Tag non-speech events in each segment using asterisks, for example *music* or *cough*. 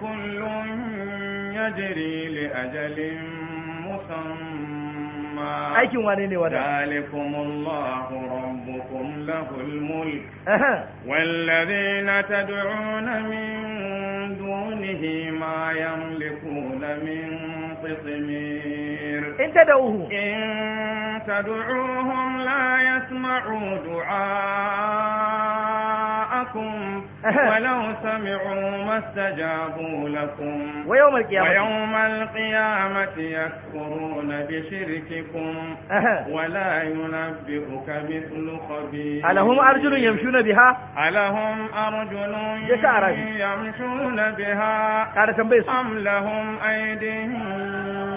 كل يجري لأجل مسمى أيكم وانيني وانا ذلكم الله ربكم له الملك والذين تدعون من دونه ما يملكون من قطمير إن تدعوه إن تدعوهم لا يسمعوا دعاء دعاكم ولو سمعوا ما استجابوا لكم ويوم القيامة ويوم القيامة يكفرون بشرككم ولا ينبئك مثل خبير ألهم أرجل يمشون بها ألهم أرجل يمشون بها أم لهم أيدي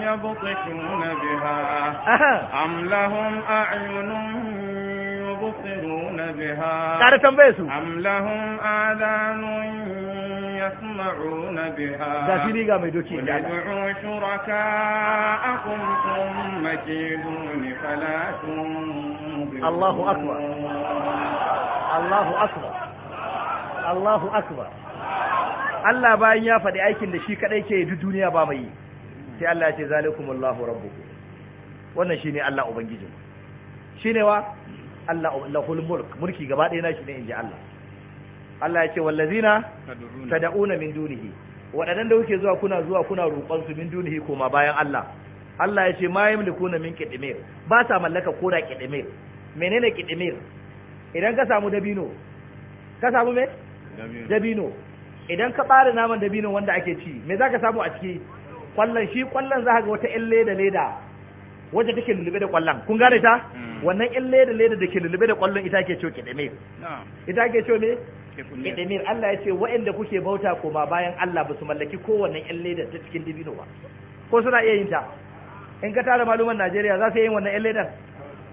يبطشون بها أم لهم أعين يبصرون بها أم لهم آذان يسمعون بها ادعوا شركاءكم ثم كيدون فلا الله أكبر الله Allah bayan ya faɗi aikin da shi kaɗai ke duk duniya ba mai yi sai Allah ya ce zalikumullahu rabbukum wannan shine Allah Shi shine wa Allah lahul mulk mulki gaba ɗaya nashi ne ji Allah Allah ya ce wallazina tad'una min dunihi waɗannan da kuke zuwa kuna zuwa kuna roƙon su min dunihi koma bayan Allah Allah ya ce ma yamlikuna min qidmir ba sa mallaka ko da qidmir menene qidmir idan ka samu dabino ka samu me dabino idan ka bare naman dabino wanda ake ci me zaka samu a ciki kwallon shi kwallon zaka ga wata ƴan leda leda wacce take lulube da kwallon kun gane ta hmm. wannan yan leda leda da ke lulube da kwallon ita ke ce kidimir ita ke ce me kidimir Allah ya ce wa'anda kuke bauta koma bayan Allah ba su mallaki kowanne yan leda ta cikin dibino ba ko suna iya yin ta in ka tara maluman Najeriya za su yi wannan yan ledar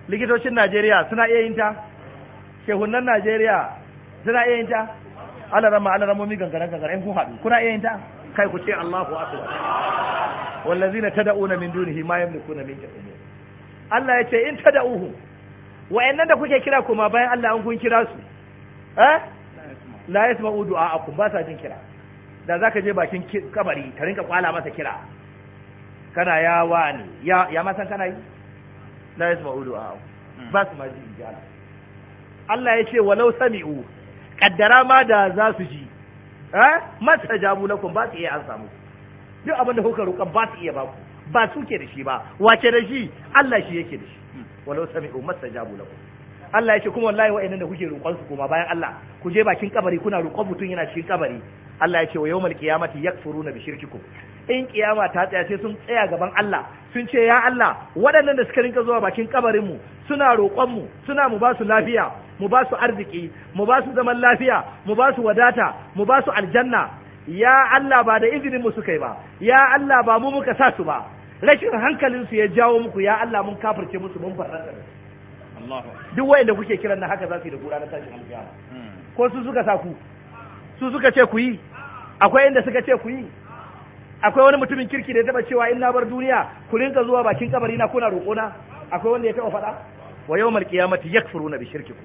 likitocin Najeriya suna iya yin ta shehunan Najeriya suna iya yin ta alarama alaramomi gangaren gangaren kun haɗu kuna iya yin ta kai ku ce Allahu akbar wallazina tad'una min dunihi ma yamlikuna min jahannam Allah ya ce in tad'uhu wa'annan da kuke kira kuma bayan Allah an kun kira su eh la yasma'u du'a'akum ba sa jin kira da zaka je bakin kabari ka rinka kwala masa kira kana ya wani ya ya masan kana yi la yasma'u du'a'akum ba su ma ji Allah ya ce walau sami'u qaddara ma da za su ji eh jamu na lakum ba su iya an samu duk abin da kuka roƙa ba su iya ba ku ba su ke da shi ba wace da shi Allah shi yake da shi walau sami'u masa jabu lakum Allah yake kuma wallahi wa'annan da kuke roƙon su kuma bayan Allah ku je bakin kabari kuna roƙon mutum yana cikin kabari Allah yake wa yawmal qiyamati yakfuruna bi shirkikum in kiyama ta tsaya sai sun tsaya gaban Allah sun ce ya Allah waɗannan da suka rinka zuwa bakin kabarin mu suna roƙon mu suna mu ba su lafiya mu ba su arziki mu ba su zaman lafiya mu ba su wadata mu ba su aljanna ya Allah ba da izinin mu suka yi ba ya Allah ba mu muka sa su ba rashin hankalin su ya jawo muku ya Allah mun kafirce musu mun farranta duk wayanda kuke kiran nan haka za su yi da gura na tashin alƙiyama hmm. ko su suka sa ku su suka ce ku yi akwai inda suka ce ku yi akwai wani mutumin kirki da ya taba cewa in na bar duniya ku rinka zuwa bakin kabari na kuna roƙona akwai wanda ya taba faɗa wa yawmal qiyamati yakfuruna bi shirkikum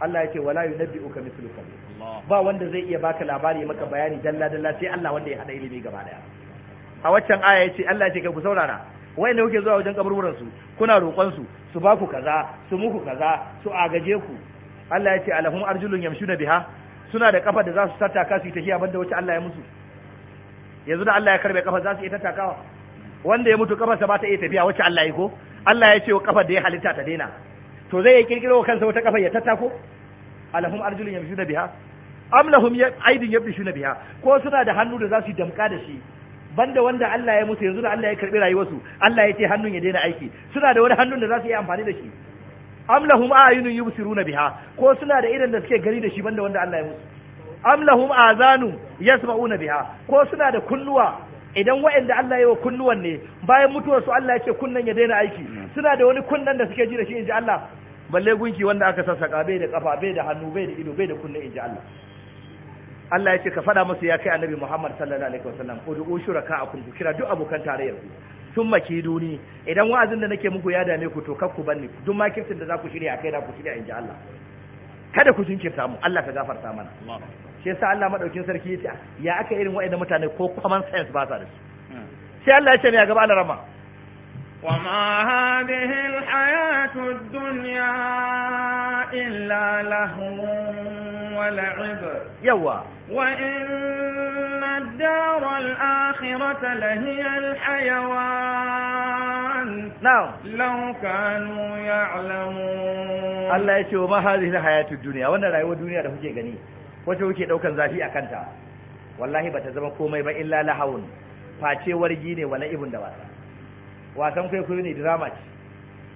Allah ya ce wala yunabbi'uka mithlu khabir ba wanda zai iya baka labari maka bayani dalla dalla sai Allah wanda ya hada ilimi gaba daya a waccan aya yace Allah ya ce kai ku saurara wayanda kuke zuwa wajen kaburburan su kuna roƙon su su ba ku kaza su muku kaza su agaje ku Allah ya ce alahum arjulun yamshuna biha suna da kafa da za su ka su yi tafiya banda wacce Allah ya musu yanzu da Allah ya karbe kafa za su iya tattakawa wanda ya mutu kafarsa ba ta iya tafiya wacce Allah ya ko Allah ya ce wa kafar da ya halitta ta daina to zai kirkiro kansa wata kafa ya tattako alahum arjulun yamshuna biha am lahum aydin na biha ko suna da hannu da za su damka da shi banda wanda Allah ya musu yanzu da Allah ya karbi rayuwarsu Allah ya ce hannun ya daina aiki suna da wani hannun da za su yi amfani da shi am lahum ayunun yubsiruna biha ko suna da irin da suke gari da shi banda wanda Allah ya musu am lahum azanu yasma'una biha ko suna da kunnuwa idan waɗanda Allah ya wa kunnuwan ne bayan mutuwarsu Allah ya ce kunnan ya daina aiki mm. suna da wani kunnan da suke ji da shi inji Allah balle gunki wanda aka sassaka bai da kafa bai da hannu bai da ido bai da kunne ji Allah Allah ya ce ka faɗa musu ya kai annabi Muhammad sallallahu alaihi wasallam ud'u shuraka'akum ku kira duk abokan tarayyar ku sun maki duni idan wa'azin da nake muku ya dame ku to kar ku banni duk makircin da za ku shirya kai da ku shirya ji Allah kada ku jinkirta mu Allah ka gafarta mana shi yasa Allah madaukin sarki ya ce ya aka irin wa'annan mutane ko common sense ba sa da su hmm. sai Allah ya ce ne ya gaba alarama وما هذه الحياة الدنيا إلا لهو ولعب يوا وإن الدار الآخرة لهي الحيوان نعم لو كانوا يعلمون الله يشوف وما هذه الحياة الدنيا وانا رأيوا الدنيا ده هجي غني wata wuce daukan zafi a kanta wallahi bata zama komai ba illa lahawun face wargi ne wa la'ibun da wasa wasan kwaikwayo ne drama ce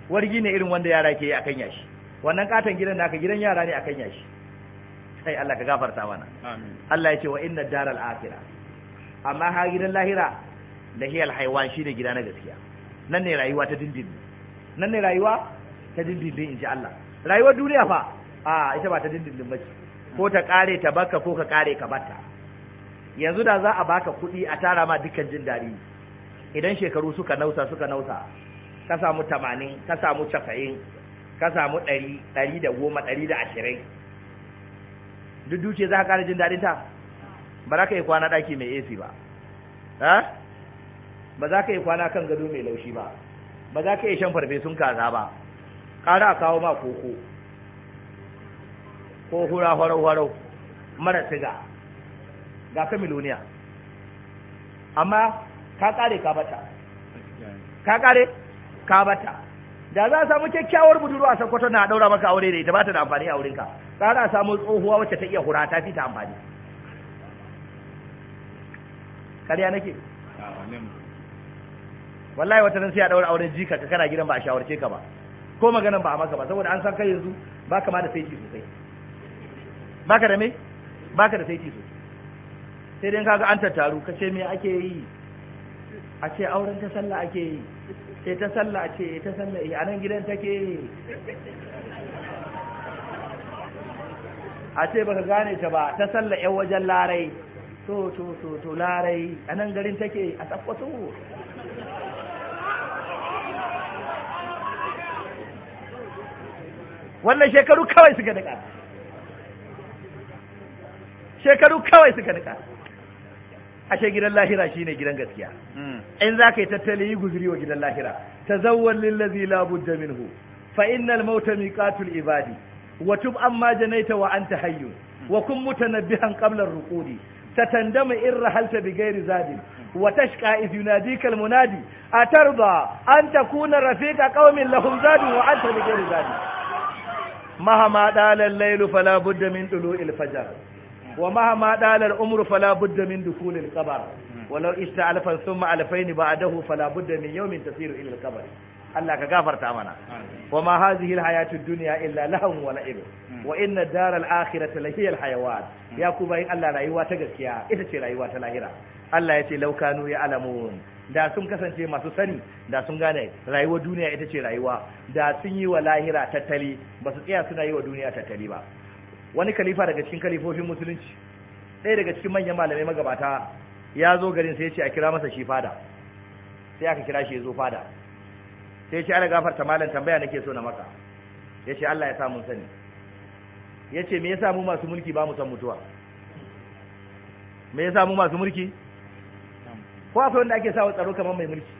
wargi ne irin wanda yara ke yi akan yashi wannan katon gidan naka gidan yara ne akan yashi sai Allah ka gafarta mana Allah ya ce wa inna daral akhira amma ha gidan lahira da hiyal haiwan shine gida na gaskiya nan ne rayuwa ta dindindin nan ne rayuwa ta dindindin insha Allah rayuwar duniya fa a ita ba ta dindindin ba ce ko ta kare ta baka ko ka kare ka bata yanzu da za a baka kuɗi a tara ma dukkan jin daɗi idan shekaru suka nausa suka nausa ka samu tamanin ka samu casa'in ka samu ɗari ɗari da goma ɗari da ashirin duk duce za ka jin daɗin ta ba za ka yi kwana ɗaki mai AC ba ba za ka yi kwana kan gado mai laushi ba ba za ka yi shan farfesun kaza ba ƙara a kawo ma koko ko hura hwarau-hwarau mara siga ga ka miloniya amma ka kare ka bata ka kare ka bata da za a samu kyakkyawar budurwa a sakkwato na daura maka aure da ita ba ta da amfani a wurinka tsara samu tsohuwa wacce ta iya hura ta fi ta amfani kariya nake wallahi wata nan sai a daura auren jika ka kana gidan ba a shawarce ka ba ko maganan ba a maka ba saboda an san kai yanzu ba ka ma da saiti sosai baka da me baka da saiti sosai sai dai kaga an tattaru ka ce me ake yi a ce auren ta sallah ake yi sai ta sallah ce ta sallah eh, a nan gidan take a ce baka gane ta ba ta sallah yan wajen larai to to to to larai a nan garin take a tsakwato wannan shekaru kawai suka daga shekaru kawai suka daga ashe gidan lahira shine gidan gaskiya hmm. in za ka yi tattali yi guzuri wa gidan lahira tazawwal lillazi la minhu fa innal mauta miqatul ibadi wa tub amma janaita wa anta hayyu hmm. wa kun mutanabbihan qabla ar-ruqudi satandama in rahalta bi ghairi zadin wa tashqa iz yunadika al-munadi atarda an takuna rafiqa qaumin lahum zadun wa anta bi ghairi zadin mahama dalal laylu fala budda min tulu'il fajr wa mahama dalal umru fala budda min dukulil qabr walau ista'alfan thumma alfain ba'dahu fala budda min yawmin tasiru ila al Allah ka gafarta mana wa ma hadhihi al-hayatu dunya illa lahum wa la'ib hmm. wa inna dar al-akhirati la hmm. ya kuma bayin Allah rayuwa ta gaskiya ita ce rayuwa ta lahira Allah ya ce laukanu ya alamun da sun kasance masu sani da sun gane rayuwar duniya ita ce rayuwa da sun yi wa lahira tattali ba su tsaya suna yi wa duniya tattali ba wani khalifa daga cikin kalifofin musulunci ɗaya daga cikin manyan malamai magabata ya zo garin sai ya ce a kira masa shi fada sai aka kira shi ya zo fada sai ya ce ana gafarta malam tambaya nake so na maka ya ce Allah ya sa mun sani ya ce me ya mu masu mulki ba mu san mutuwa me ya mu masu mulki ko akwai wanda ake sawa tsaro kamar mai mulki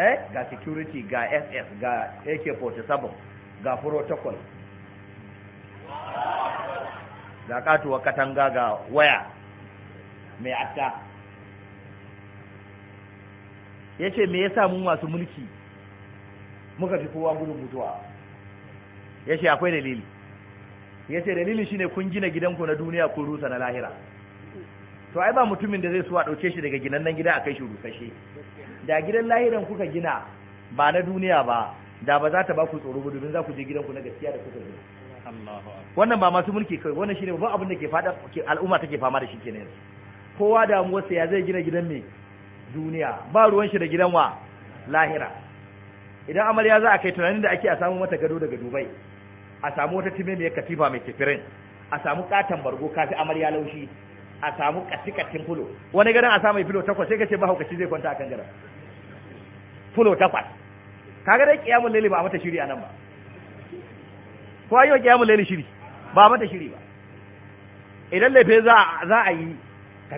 eh ga security ga ss ga ak-47 ga protocol ga katuwar katanga ga waya mai atta ya ce me yasa mu masu mulki muka fi kowa gudun mutuwa ya ce akwai dalili ya ce dalili shine kun gina gidanku na duniya kun rusa na lahira to ai ba mutumin da zai suwa ɗauke shi daga ginannan gida a kai shi rusashe da gidan lahiran kuka gina ba na duniya ba da ba za ta ba ku tsoro ba domin za ku je gidanku na gaskiya da kuka gina wannan ba masu mulki kai wannan shine babban abin da ke fada al'umma take fama da shi kenan yanzu kowa wasa ya zai gina gidan me duniya ba ruwan shi da gidan wa lahira idan amarya za a kai tunanin da ake a samu mata gado daga dubai a samu wata time mai katifa mai kifirin a samu katan bargo kafi amarya laushi a samu katikatin fulo wani garin a samu filo takwas sai kace mahaukaci zai kwanta akan garin fulo takwas kaga dai kiyamul lili ba a mata shiri a nan ba to ayo kiyamul layli shiri ba mata shiri ba idan laifin za a yi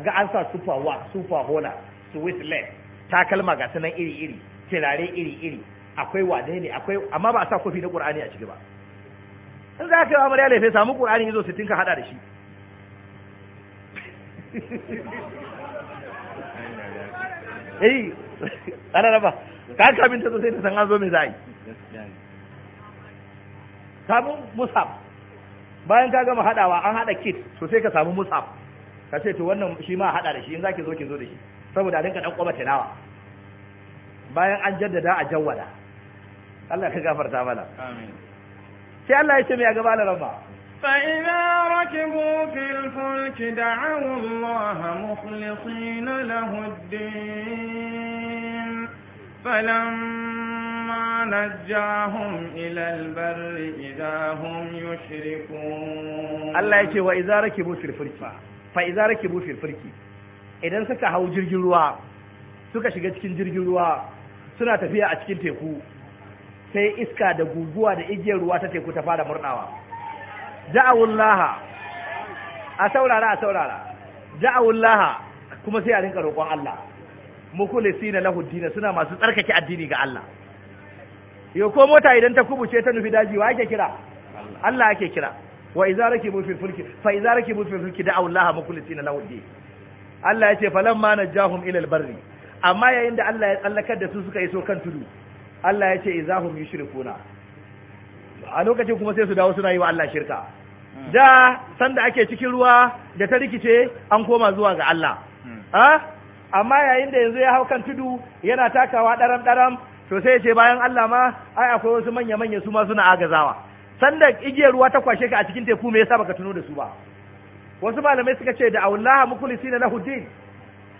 ga an sa super wa super hola swiss leg takalma ga sunan iri iri tirare iri iri akwai wane ne akwai amma ba a sa kofi na qur'ani a ciki ba in za ka yi amarya laifin samu qur'ani yazo su ka hada da shi *laughs* eh ana raba ka kamin ta zo sai ta san an zo me za a yi samu musab bayan ka gama hadawa an hada kit to sai ka samu musab ka ce to wannan shi ma hada da shi in zaki zo ki zo da shi saboda dinka dan kwaba nawa bayan an jaddada a jawwada Allah ka gafarta mana amin sai Allah ya ce me ya gaba da ba فإذا ركبوا في الفلك دعوا الله مخلصين له الدين فلما نجاهم إلى البر إذا هم يشركون الله يقول وإذا ركبوا في الفلك فإذا ركبوا في الفلك idan suka hau jirgin ruwa suka shiga cikin jirgin ruwa suna tafiya a cikin teku sai iska da guguwa da igiyar ruwa ta teku ta fara murɗawa da'awullaha a saurara a saurara da'awullaha kuma sai a rinka roƙon Allah mukulisina lahu dina suna masu tsarkake addini ga Allah yau ko mota idan ta kubuce ta nufi daji wa ake kira Allah ake kira wa izara rakibu fil fulki fa idza rakibu fil fulki da Allah mukhlisina tina lawdi Allah yace falamma najahum ila al barri amma yayin da Allah ya tsallakar da su suka iso kan tudu Allah yace izahum yushrikuna a lokacin kuma sai su dawo suna yi wa Allah shirka hmm. da sanda ake cikin ruwa da ta rikice an koma zuwa ga Allah hmm. ah? amma yayin da yanzu ya hau kan tudu yana takawa daram daram to sai ce bayan Allah ma ai akwai wasu manya manya su ma suna agazawa sanda igiyar ruwa ta kwashe ka a cikin teku me yasa baka tuno da su ba wasu malamai suka ce da aullaha mukhlisina lahu din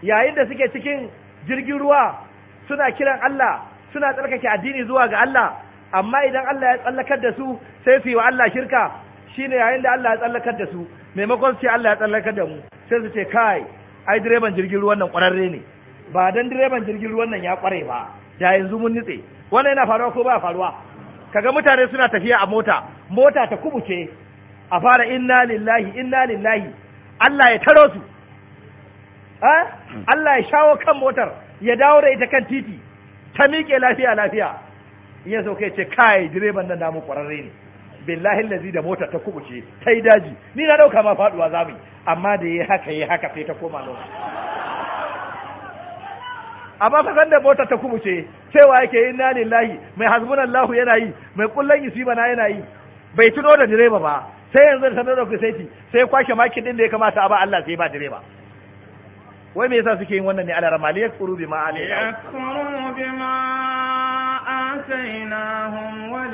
yayin da suke cikin jirgin ruwa suna kiran Allah suna tsarkake addini zuwa ga Allah amma idan Allah ya tsallakar da su sai su wa Allah shirka shine yayin da Allah ya tsallakar da su maimakon su ce Allah ya tsallakar da mu sai su ce kai ai direban jirgin ruwan nan kwararre ne ba dan direban jirgin ruwan nan ya kware ba da yanzu mun nitse wannan yana faruwa ko ba faruwa kaga mutane suna tafiya a mota mota ta kubuce a fara inna lillahi inna lillahi Allah ya taro su Allah ya shawo kan motar ya dawo da ita kan titi ta miƙe lafiya lafiya ya so kai ce kai direban nan namu kwararre ne billahi lazi da motar ta kubuce ta yi daji ni na dauka ma faduwa zamu amma da yayi haka yayi haka sai ta koma lokaci amma san da motar ta kubuce cewa yake inna lillahi mai lahu yana yi mai kullan bana yana yi bai tuno da direba ba sai yanzu sanar da ku sai sai kwashe makin din da ya kamata a ba Allah sai ba direba wai me yasa suke yin wannan ne ala ramali ya kuru bi ali ya kuru wa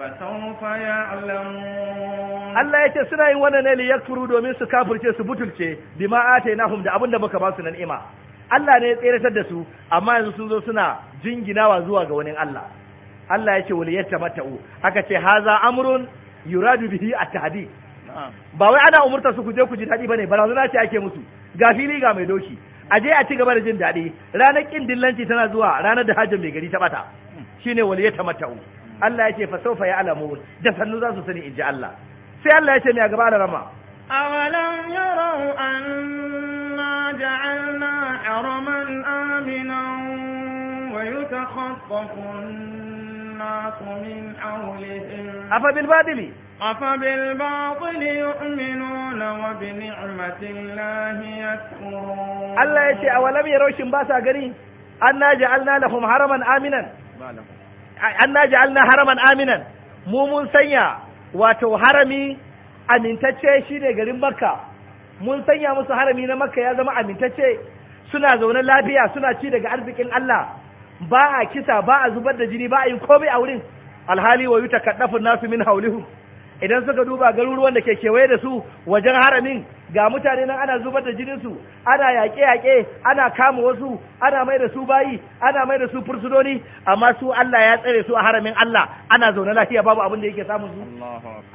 Allah ya ce suna yin wannan ne li yakfuru domin su kafirce su butulce bima atainahum da abinda muka ba su nan ni'ima Allah ne ya tseratar da su amma yanzu sun zo suna jinginawa zuwa ga wani Allah Allah ya ce wal mata'u. aka ce haza amrun yuradu bihi at tahadi. ba wai ana umurta su ku je ku ji daɗi bane barazana ce ake musu ga fili ga mai doki a je a ci gaba da jin daɗi ranar kin dillanci tana zuwa ranar da hajjin mai gari ta bata hmm. shine wal mata'u. Allah ce fa ya alamu da sannu za su sani in ji Allah sai Allah yake mai gaba da rama awalam yarau anna ja'alna haraman aminan wa yutakhaffafu الناس من حولهم أفبالباطل أفبالباطل يؤمنون وبنعمة الله يكفرون الله shin ba sa gani an na جعلنا لهم حرما آمنا ما لهم anna ja'alna haraman aminan mu mun sanya wato harami amintacce shine garin makka mun sanya musu harami na makka ya zama amintacce suna zaune lafiya suna ci daga arzikin Allah ba a kisa ba a zubar da jini ba a yi komai a wurin alhali wa yuta nasu min haulihu idan suka duba garuruwan da ke kewaye da su wajen haramin ga mutane nan ana zubar da jininsu ana yaƙe-yaƙe ana kama wasu ana mai da su bayi ana mai da su fursunoni amma su Allah ya tsare su a haramin Allah ana zaune lafiya babu abin da yake samun su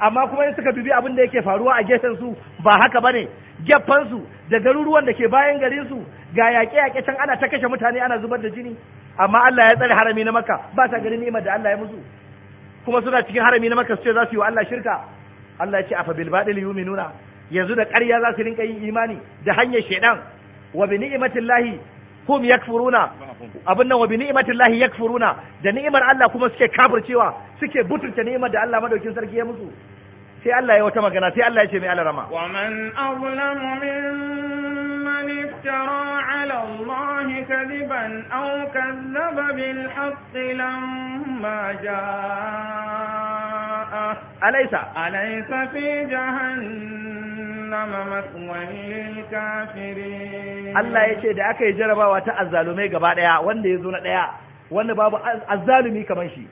amma kuma in suka bibi abin da yake faruwa a gefen su ba haka bane gefan su da garuruwan da ke bayan garin su ga yaƙe-yaƙe can ana ta kashe mutane ana zubar da jini amma Allah ya tsare harami na Makka ba sa ganin ni'imar da Allah ya musu kuma suna cikin harami na Makka su ce za su yi wa Allah shirka Allah ya ce afa bil badil yu'minuna yanzu da ƙarya za su rinka yin imani da hanyar shaidan wa bi lahi hum yakfuruna abin nan wa bi lahi yakfuruna da ni'imar Allah kuma suke kafircewa suke butunta ni'imar da Allah madaukin sarki ya musu sai Allah ya wata magana sai Allah ya ce mai alarama wa man azlamu mimman iftara ala Allah kadiban aw kazzaba bil haqqi lamma jaa alaysa alaysa fi jahannama maswan lil kafirin Allah yace da aka yi jarabawa ta azzalumai gaba daya wanda yazo na daya wanda babu azzalumi kaman shi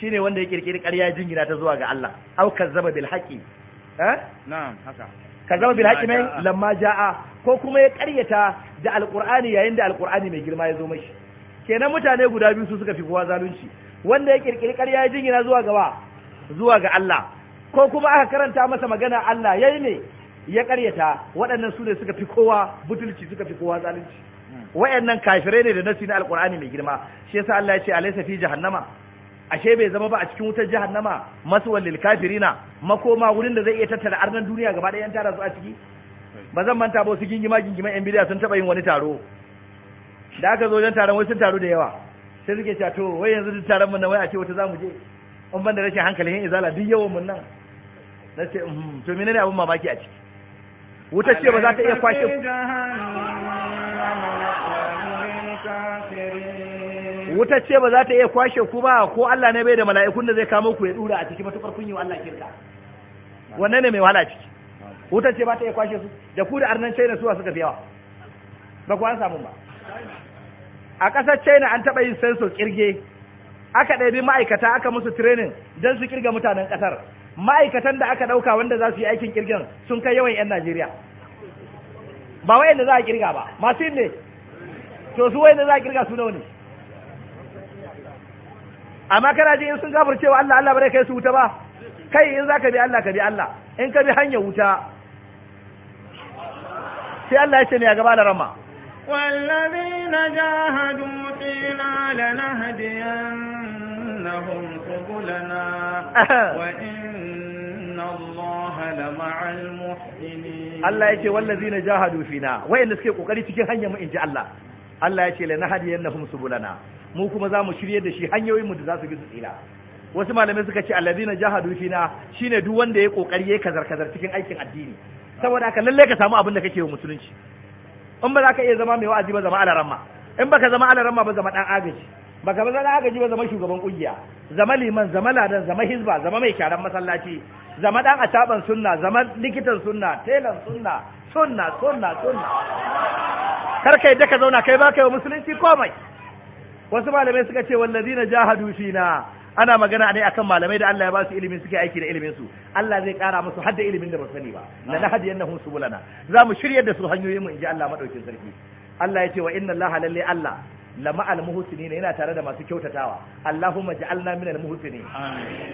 shine wanda ya kirkiri ƙarya jingina ta zuwa ga Allah au kazzaba bil haqi eh na'am haka kazzaba bil haqi mai lamma jaa ko kuma ya ƙaryata da alqur'ani yayin da alqur'ani mai girma ya zo mashi kenan mutane guda biyu su suka fi kowa zalunci wanda ya kirkiri ƙarya jingina zuwa gaba zuwa ga Allah ko kuma aka karanta masa magana Allah yayi ne ya karyata waɗannan su ne suka fi kowa butulci suka fi kowa zalunci wayannan kafirai ne da nasi na alqur'ani mai girma shi yasa Allah ya ce alaysa fi jahannama ashe bai zama ba a cikin wutar jahannama maswal lil kafirina makoma wurin da zai iya tattara arnan duniya gaba ɗaya tara su a ciki ba zan manta ba wasu gingima gingima yan bidiya sun taɓa yin wani taro da aka zo wajen taron wai sun taru da yawa sai suke cewa to wai yanzu duk taron mun nan wai a ce wata zamu je in ban da rashin hankalin yin izala duk yawan mun nan na ce mhm, to mene ne abin mamaki a ciki wuta ce ba za ta iya kwashe wuta ce ba za ta iya kwashe ku ba ko Allah ne bai da mala'ikun da zai kamo ku ya dura a ciki matukar kun yi wa Allah kirka wannan ne mai wahala ciki wuta ce ba ta iya kwashe su da ku da arnan China suwa suka fi yawa ba ku an samu ba a ƙasar China an taɓa yin sensor kirge aka ɗabi ma'aikata aka musu training don su kirga mutanen ƙasar ma'aikatan da aka ɗauka wanda za su yi aikin kirgin sun kai yawan 'yan Najeriya ba da za a kirga ba masu yin ne to su da za a kirga su nawa ne amma kana ji in sun cewa Allah Allah bare kai su wuta ba kai in za ka bi Allah ka bi Allah in ka bi hanyar wuta sai Allah ya ce ne a gaba da rama والذين جاهدوا فينا لنهدين لهم قبلنا وإن الله لمع المحسنين الله يجي والذين جاهدوا فينا وإن نسكي قوكري تكي هنيا ما إن جاء الله الله يجي لنهدينهم سبلنا mu kuma za mu shirye da shi hanyoyin mu da za su bi tsira wasu malamai suka ce allazina jahadu fina shine duk wanda ya kokari yayi kazar kazar cikin aikin addini saboda haka lalle ka samu abin da kake wa musulunci in ba za ka iya zama mai wa'azi ba zama alaramma in baka zama alaramma ba zama dan agaji baka ba zana agaji ba zama shugaban kungiya zama liman zama ladan zama hizba zama mai kyaran masallaci zama dan ataban sunna zama likitan sunna telan sunna sunna sunna sunna kar kai da ka zauna kai ba kai wa musulunci komai wasu malamai suka ce na jahadu fina ana magana ne akan malamai da Allah ya ba su ilimi suke aiki da ilimin su Allah zai kara musu hadda ilimin da ba sani ba la annahu subulana za mu shiryar da su hanyoyin mu inji Allah madaukin sarki Allah ya ce wa inna Allah lalle Allah lama ne yana tare da masu kyautatawa Allahumma ja'alna min muhsini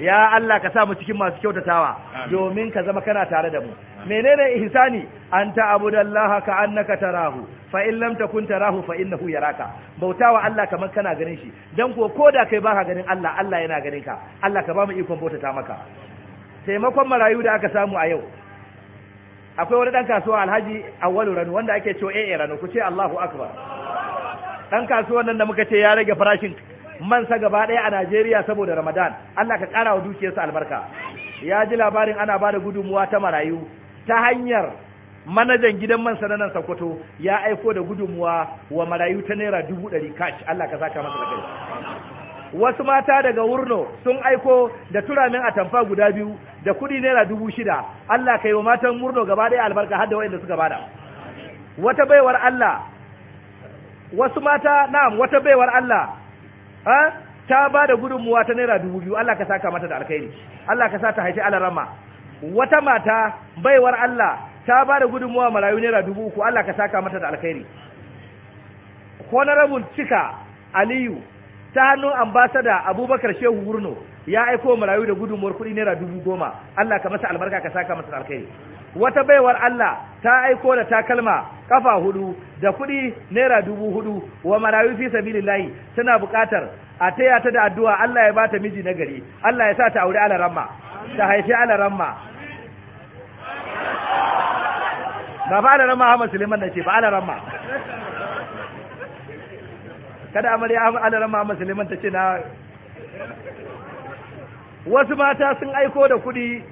ya Allah ka sa mu cikin masu kyautatawa domin ka zama kana tare da mu menene ihsani an abudallaha ka annaka tarahu fa in lam takun tarahu fa innahu yaraka bautawa Allah kamar kana ganin shi dan ko koda kai baka ganin Allah Allah yana ganin ka Allah ka ba mu ikon bautata maka taimakon marayu da aka samu a yau akwai wani dan kasuwa Alhaji Awwalu Rano wanda ake cewa eh Rano ku ce Allahu akbar dan kasuwan nan da muka ce ya rage farashin mansa gaba ɗaya a Najeriya saboda Ramadan Allah ka ƙara wa dukiyarsa albarka ya ji labarin ana ba da gudunmuwa ta marayu ta hanyar manajan gidan man sananan Sokoto ya aiko da gudunmuwa wa marayu ta naira dubu ɗari cash Allah ka saka masa da wasu mata daga Wurno sun aiko da turamin atamfa guda biyu da kuɗi naira dubu shida Allah ka yi wa matan Wurno gaba ɗaya albarka har da waɗanda suka bada wata baiwar Allah wasu mata na'am wata baiwar Allah ta ba da gudunmuwa ta naira dubu biyu Allah ka saka mata da alkhairi Allah ka sa ta haifi alarama wata mata baiwar Allah ta ba da gudunmuwa marayu naira dubu uku Allah ka saka mata da alkhairi honorable cika aliyu ta hannun ambasada abubakar shehu wurno ya aiko marayu da gudunmuwar kuɗi naira dubu goma Allah ka masa albarka ka saka masa da alkhairi wata baiwar Allah ta aiko da takalma kafa hudu da kuɗi naira dubu hudu wa marayu fi sabilillahi tana buƙatar a taya ta da addu'a Allah ya bata miji na gari Allah ya sa ta aure ramma ta haifi ramma ba fa ramma Ahmad Suleiman nake ba ramma kada amarya alaramma Ahmad Suleiman ta ce na wasu mata sun aiko da kuɗi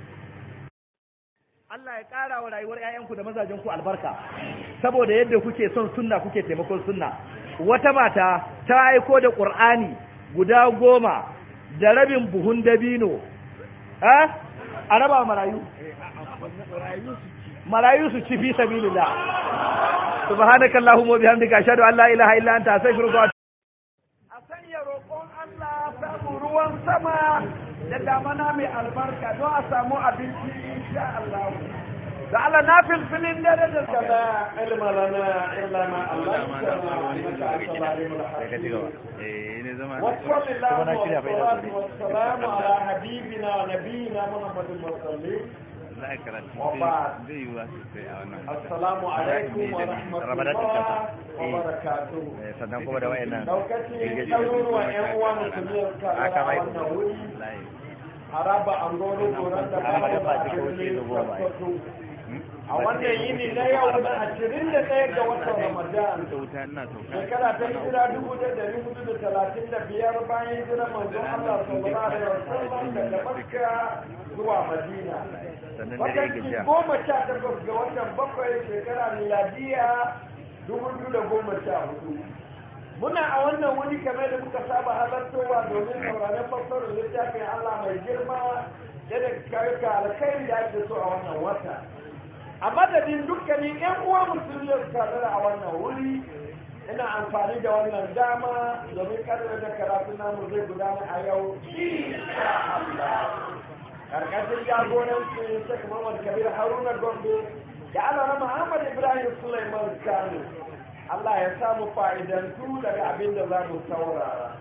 Allah ya ƙara wa rayuwar 'ya'yanku da mazajenku albarka saboda yadda kuke son sunna kuke taimakon sunna wata mata ta aiko da ƙur'ani guda goma da rabin buhun dabino a raba marayu marayu su ci fi subhanaka ilaha illa anta a sanya roƙon Allah samu ruwan sama da damana mai albarka zo a samu abinci insha Allah da Allah na filfilin dare da kama ilma lana illa ma Allah ya kama maka asabari mu da hakika eh, wa salamu ala habibina wa nabiyina Muhammadin sallallahu za a karatu zai yi wa sosai a wannan assalamu alaikum wa rahmatullahi wa eh. Eh, sannan kuma da wayannan lokaci ɗaruruwan ƴan uwa musulmi suka rara wannan wuri haraba an goron da ba da ba a wannan yini na yau na ashirin da ɗaya ga watan ramadan shekara ta hijira dubu da dari hudu da talatin da biyar bayan hijirar manzon allah sallallahu alaihi wasallam daga makka zuwa madina watanci goma sha takwas ga watan bakwai shekara miladiya dubu biyu da goma sha hudu muna a wannan wuni kamar da muka saba halartowa domin sauraron fassarar littafin allah mai girma yadda kayuka alkhairi da ake so a wannan wata a madadin dukkanin yan uwa musulmi da suka a wannan wuri ina amfani da wannan dama domin karnar da karatun namu zai gudana a yau karkashin jagorancin ta muhammad kabir haruna gombe da alama muhammad ibrahim suleiman kano allah ya samu fa'idantu daga abin da za mu saurara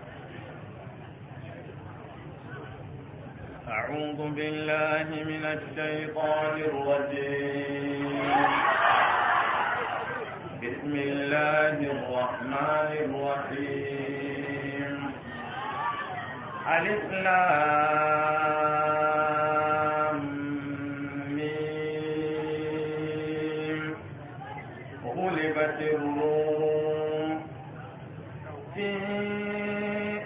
أعوذ بالله من الشيطان الرجيم بسم الله الرحمن الرحيم الإسلام غلبت الروم في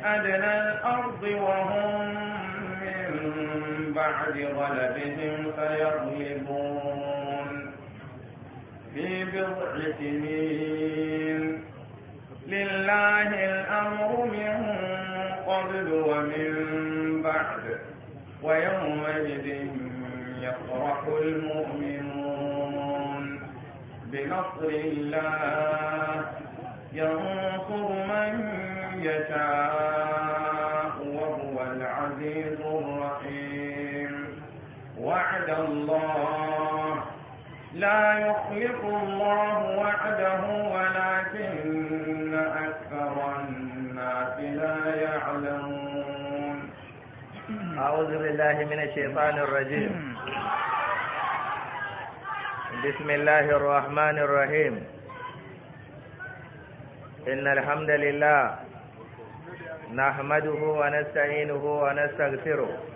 أدنى الأرض وهم بعد غلبهم فيغلبون في بضع سنين لله الأمر من قبل ومن بعد ويومئذ يفرح المؤمنون بنصر الله ينصر من يشاء وعد الله لا يخلف الله وعده ولكن أكثر الناس لا يعلمون أعوذ بالله من الشيطان الرجيم بسم الله الرحمن الرحيم إن الحمد لله نحمده ونستعينه ونستغفره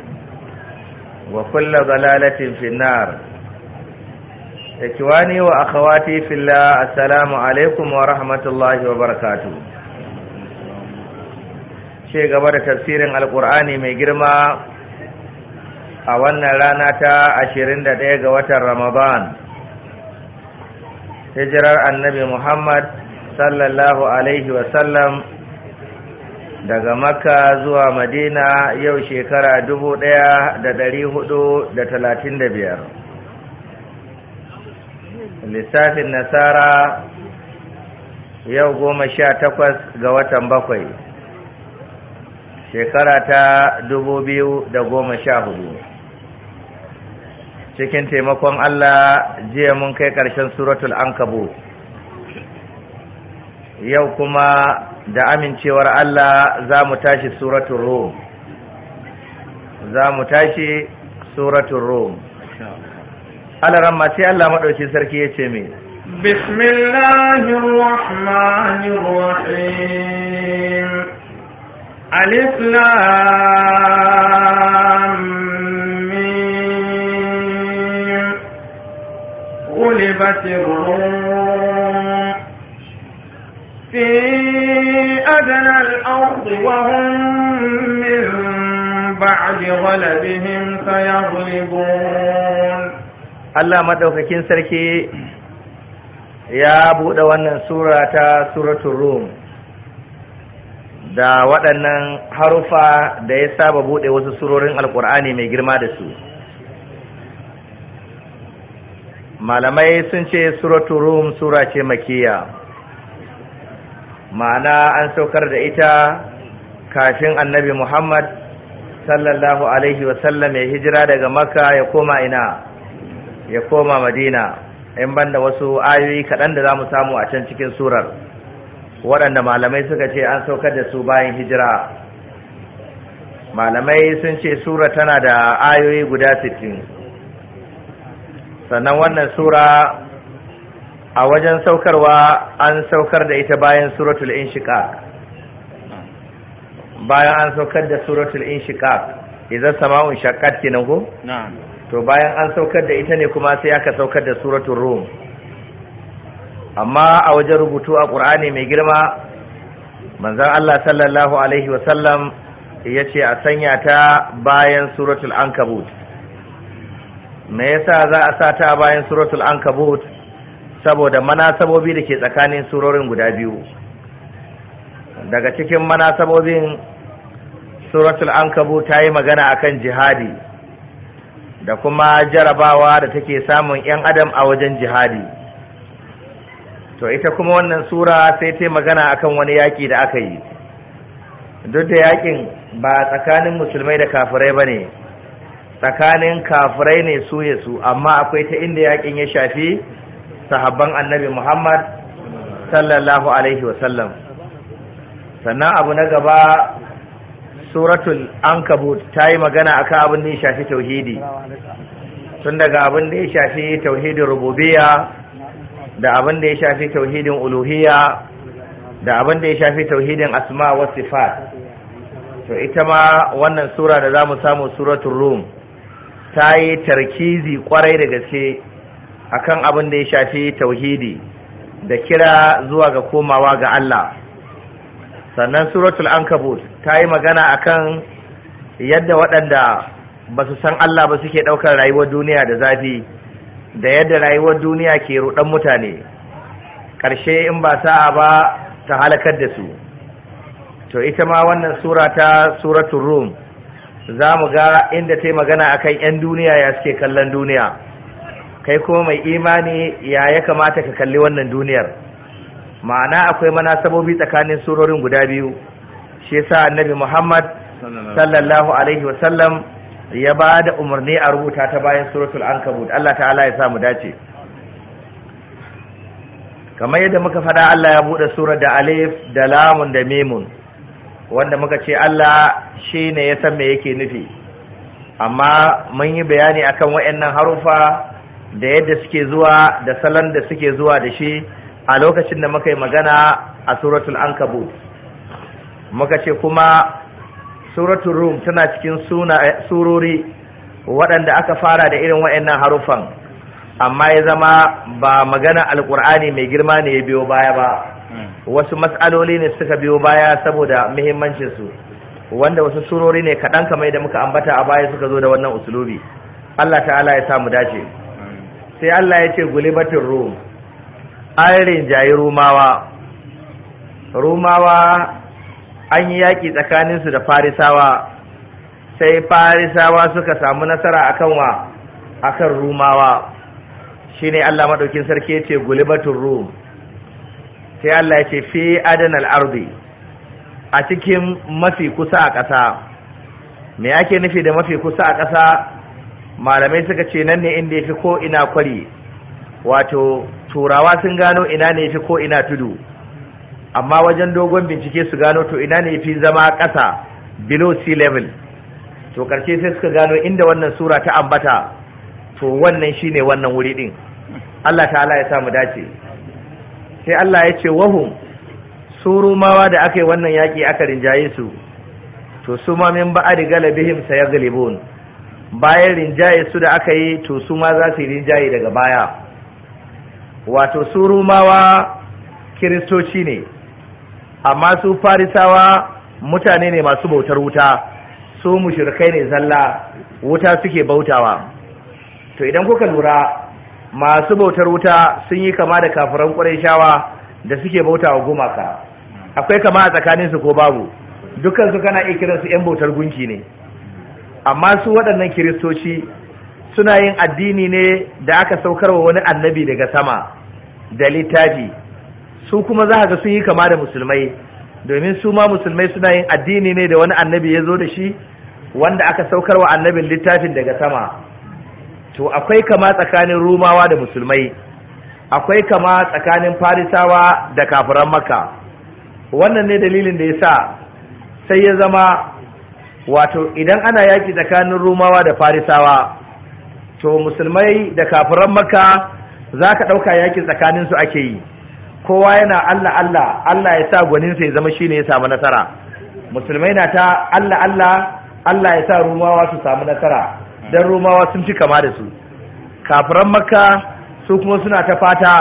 wa kulla dalalatin finnar ikwani wa akhawati fillah assalamu alaikum wa rahmatullahi wa barakatuh ce gaba da tafsirin alkur'ani mai girma a wannan rana ta ɗaya ga watan ramadan hijirar annabi muhammad sallallahu alaihi wa sallam daga makka zuwa madina yau shekara dubu ɗaya da ɗari hudu da talatin da biyar lissafin nasara yau goma sha takwas ga watan bakwai shekara ta dubu biyu da goma sha hudu cikin taimakon allah jiya mun kai ƙarshen suratul ankabu yau kuma da amincewar Allah za mu tashi suratun Rum za mu tashi suratun Rum alaran masu Allah maɗauki sarki ya ce mai bismillahir rahmanir rahim alif lam mim في أدنى الأرض وهم من بعد غلبهم سيغلبون الله مدوكاكين سركي ya buɗe wannan sura ta suratul rum da waɗannan harufa da ya saba buɗe wasu surorin alkur'ani mai girma da su malamai sun ce suratul rum sura ce makiya ma'ana an saukar da ita kafin annabi Muhammad sallallahu alaihi wasallam ya hijira daga makka ya koma ina ya koma madina in banda wasu ayoyi kaɗan da za mu samu a can cikin surar waɗanda malamai suka ce an saukar da su bayan hijira malamai sun ce sura tana da ayoyi guda sittin sannan wannan sura a wajen saukarwa an saukar da ita bayan suratul inshiqaq bayan an saukar da suratul inshiqaq idan sama'un shaqqat kenan ko na'am to bayan an saukar da ita ne kuma sai aka saukar da suratul rum amma a wajen rubutu a qur'ani mai girma manzon Allah sallallahu alaihi wa sallam yace a sanya ta bayan suratul ankabut me yasa za a sa ta bayan suratul ankabut saboda manasabobi da ke tsakanin surorin guda biyu daga cikin manasabobin suratul ankabu ta yi magana akan jihadi da kuma jarabawa da take samun 'yan adam a wajen jihadi to ita kuma wannan sura sai ta magana akan wani yaƙi da aka yi duk da yaƙin ba tsakanin musulmai da kafirai ba ne tsakanin kafirai ne su ya su amma akwai ta inda yaƙin ya shafi sahabban annabi Muhammad sallallahu alaihi wasallam sannan abu na gaba suratul ankabut ta yi magana akan abin da ya shafi tauhidi tun daga abin da ya shafi tauhidin rububiya da abin da ya shafi tauhidin uluhiya da abin da ya shafi tauhidin asma wa sifat to ita ma wannan sura da zamu samu suratul rum ta yi tarkizi kwarai da gaske akan abin da ya shafi tauhidi da kira zuwa ga komawa ga Allah sannan suratul ankabut ta yi magana akan yadda waɗanda ba su san Allah ba suke ɗaukar rayuwar duniya da zafi da yadda rayuwar duniya ke ruɗan mutane ƙarshe in ba sa'a ba ta halakar da su to ita ma wannan sura ta suratul rum za mu ga inda ta yi magana akan 'yan duniya ya suke kallon duniya kai kuma mai imani ya ya kamata ka kalli wannan duniyar ma'ana akwai mana sabobi tsakanin surorin guda biyu shi yasa annabi Muhammad sallallahu alaihi wa sallam ya ba da umarni a rubuta ta bayan suratul ankabut Allah ta'ala ya mu dace kamar yadda muka faɗa Allah ya buɗe surar da alif da lamun da mimun wanda muka ce Allah shi ne ya san me yake nufi amma mun yi bayani akan waɗannan harufa da yadda suke zuwa da salon da suke zuwa da shi a lokacin da muka yi magana a suratul ankabut muka ce kuma suratul rum tana cikin suna surori waɗanda aka fara da irin waɗannan harufan amma ya zama ba magana alkur'ani mai girma ne ya biyo baya ba hmm. wasu matsaloli ne suka biyo baya saboda muhimmancinsu wanda wasu surori ne kaɗan kamar da muka ambata a baya suka zo da wannan usulubi Allah ta'ala ya samu dace sai Allah ya ce gulibatin rum an rinjayi rumawa rumawa an yi yaƙi tsakaninsu da farisawa sai farisawa suka samu nasara akan wa akan rumawa Shi ne Allah maɗaukin sarki ya ce gulibatin rum sai Allah ya ce fi adanal ardi a cikin mafi kusa a ƙasa me ake nufi da mafi kusa a ƙasa malamai suka ce nan ne inda ya fi ko ina kwari wato turawa sun gano ina ne ya fi ko ina tudu amma wajen dogon bincike su gano to ina ne ya fi zama ƙasa below sea level to ƙarshe sai suka gano inda wannan sura ta ambata to wannan shine wannan wuri ɗin, Allah ta'ala ya sa mu dace sai Allah ya ce wahum surumawa da aka yi wannan yaƙi aka rinjaye su to su ma min ba'a da galabihim galibun. bayan rinjaye su da aka yi to su ma za su yi rinjaye daga baya wato su rumawa kiristoci ne amma su farisawa mutane ne masu bautar wuta su mushrikai ne zalla wuta suke bautawa to idan kuka lura masu bautar wuta sun yi kama da kafiran shawa da suke bautawa gumaka akwai kama a tsakaninsu ko babu dukkan su kana iya kiransu 'yan bautar gunki ne amma su waɗannan kiristoci suna yin addini ne da aka saukarwa wani annabi daga sama da littafi su kuma za a ga sun yi kama da musulmai domin su ma musulmai suna yin addini ne da wani annabi ya zo da shi wanda aka saukar wa annabin littafin daga sama to akwai kama tsakanin rumawa da musulmai akwai kama tsakanin farisawa da kafuran makka wannan ne dalilin da ya sa sai ya zama wato idan ana yaki tsakanin rumawa da farisawa to musulmai da kafiran makka za ka ɗauka yakin tsakaninsu ake yi kowa yana allah allah allah ya sa gwaninsa ya zama shine ya samu nasara musulmai na ta allah allah allah ya sa rumawa su samu nasara dan rumawa sun fi kama da su kafiran makka su kuma suna ta fata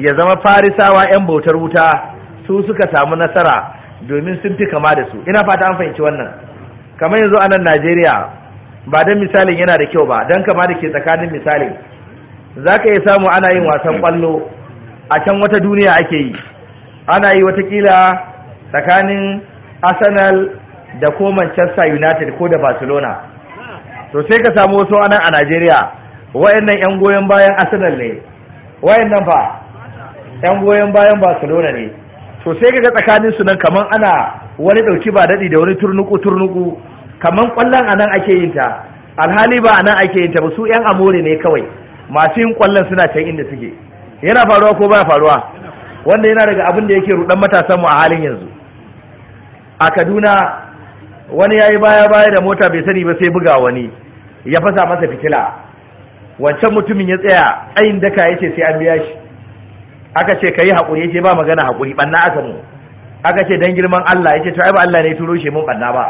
ya zama farisawa 'yan bautar wuta su suka samu nasara domin sun fi kama da su ina fata an fahimci wannan kamar yanzu a nan najeriya ba don misalin yana da kyau ba dan kama da ke tsakanin misalin za ka iya samu ana yin wasan kwallo a can wata duniya ake yi ana yi watakila tsakanin arsenal da ko manchester united ko da barcelona to sai ka samu wasu anan a najeriya wayannan yan goyon bayan arsenal ne wayannan fa yan goyon bayan barcelona ne to sai ka ga tsakanin su nan kamar ana wani dauki ba dadi da wani turnuku turnuku kaman kwallon anan ake yin ta alhali ba anan ake yin ta ba su yan amore ne kawai masu yin kwallon suna can inda suke yana faruwa ko ba faruwa wanda yana daga abin da yake rudan matasan mu a halin yanzu a Kaduna wani yayi baya baya da mota bai sani ba sai buga wani ya fasa masa fitila wancan mutumin ya tsaya tsayin daka yace sai an biya shi aka ce kai hakuri yace ba magana hakuri banna aka mu aka ce dan girman Allah yace to ai ba Allah ne turo shi mun banna ba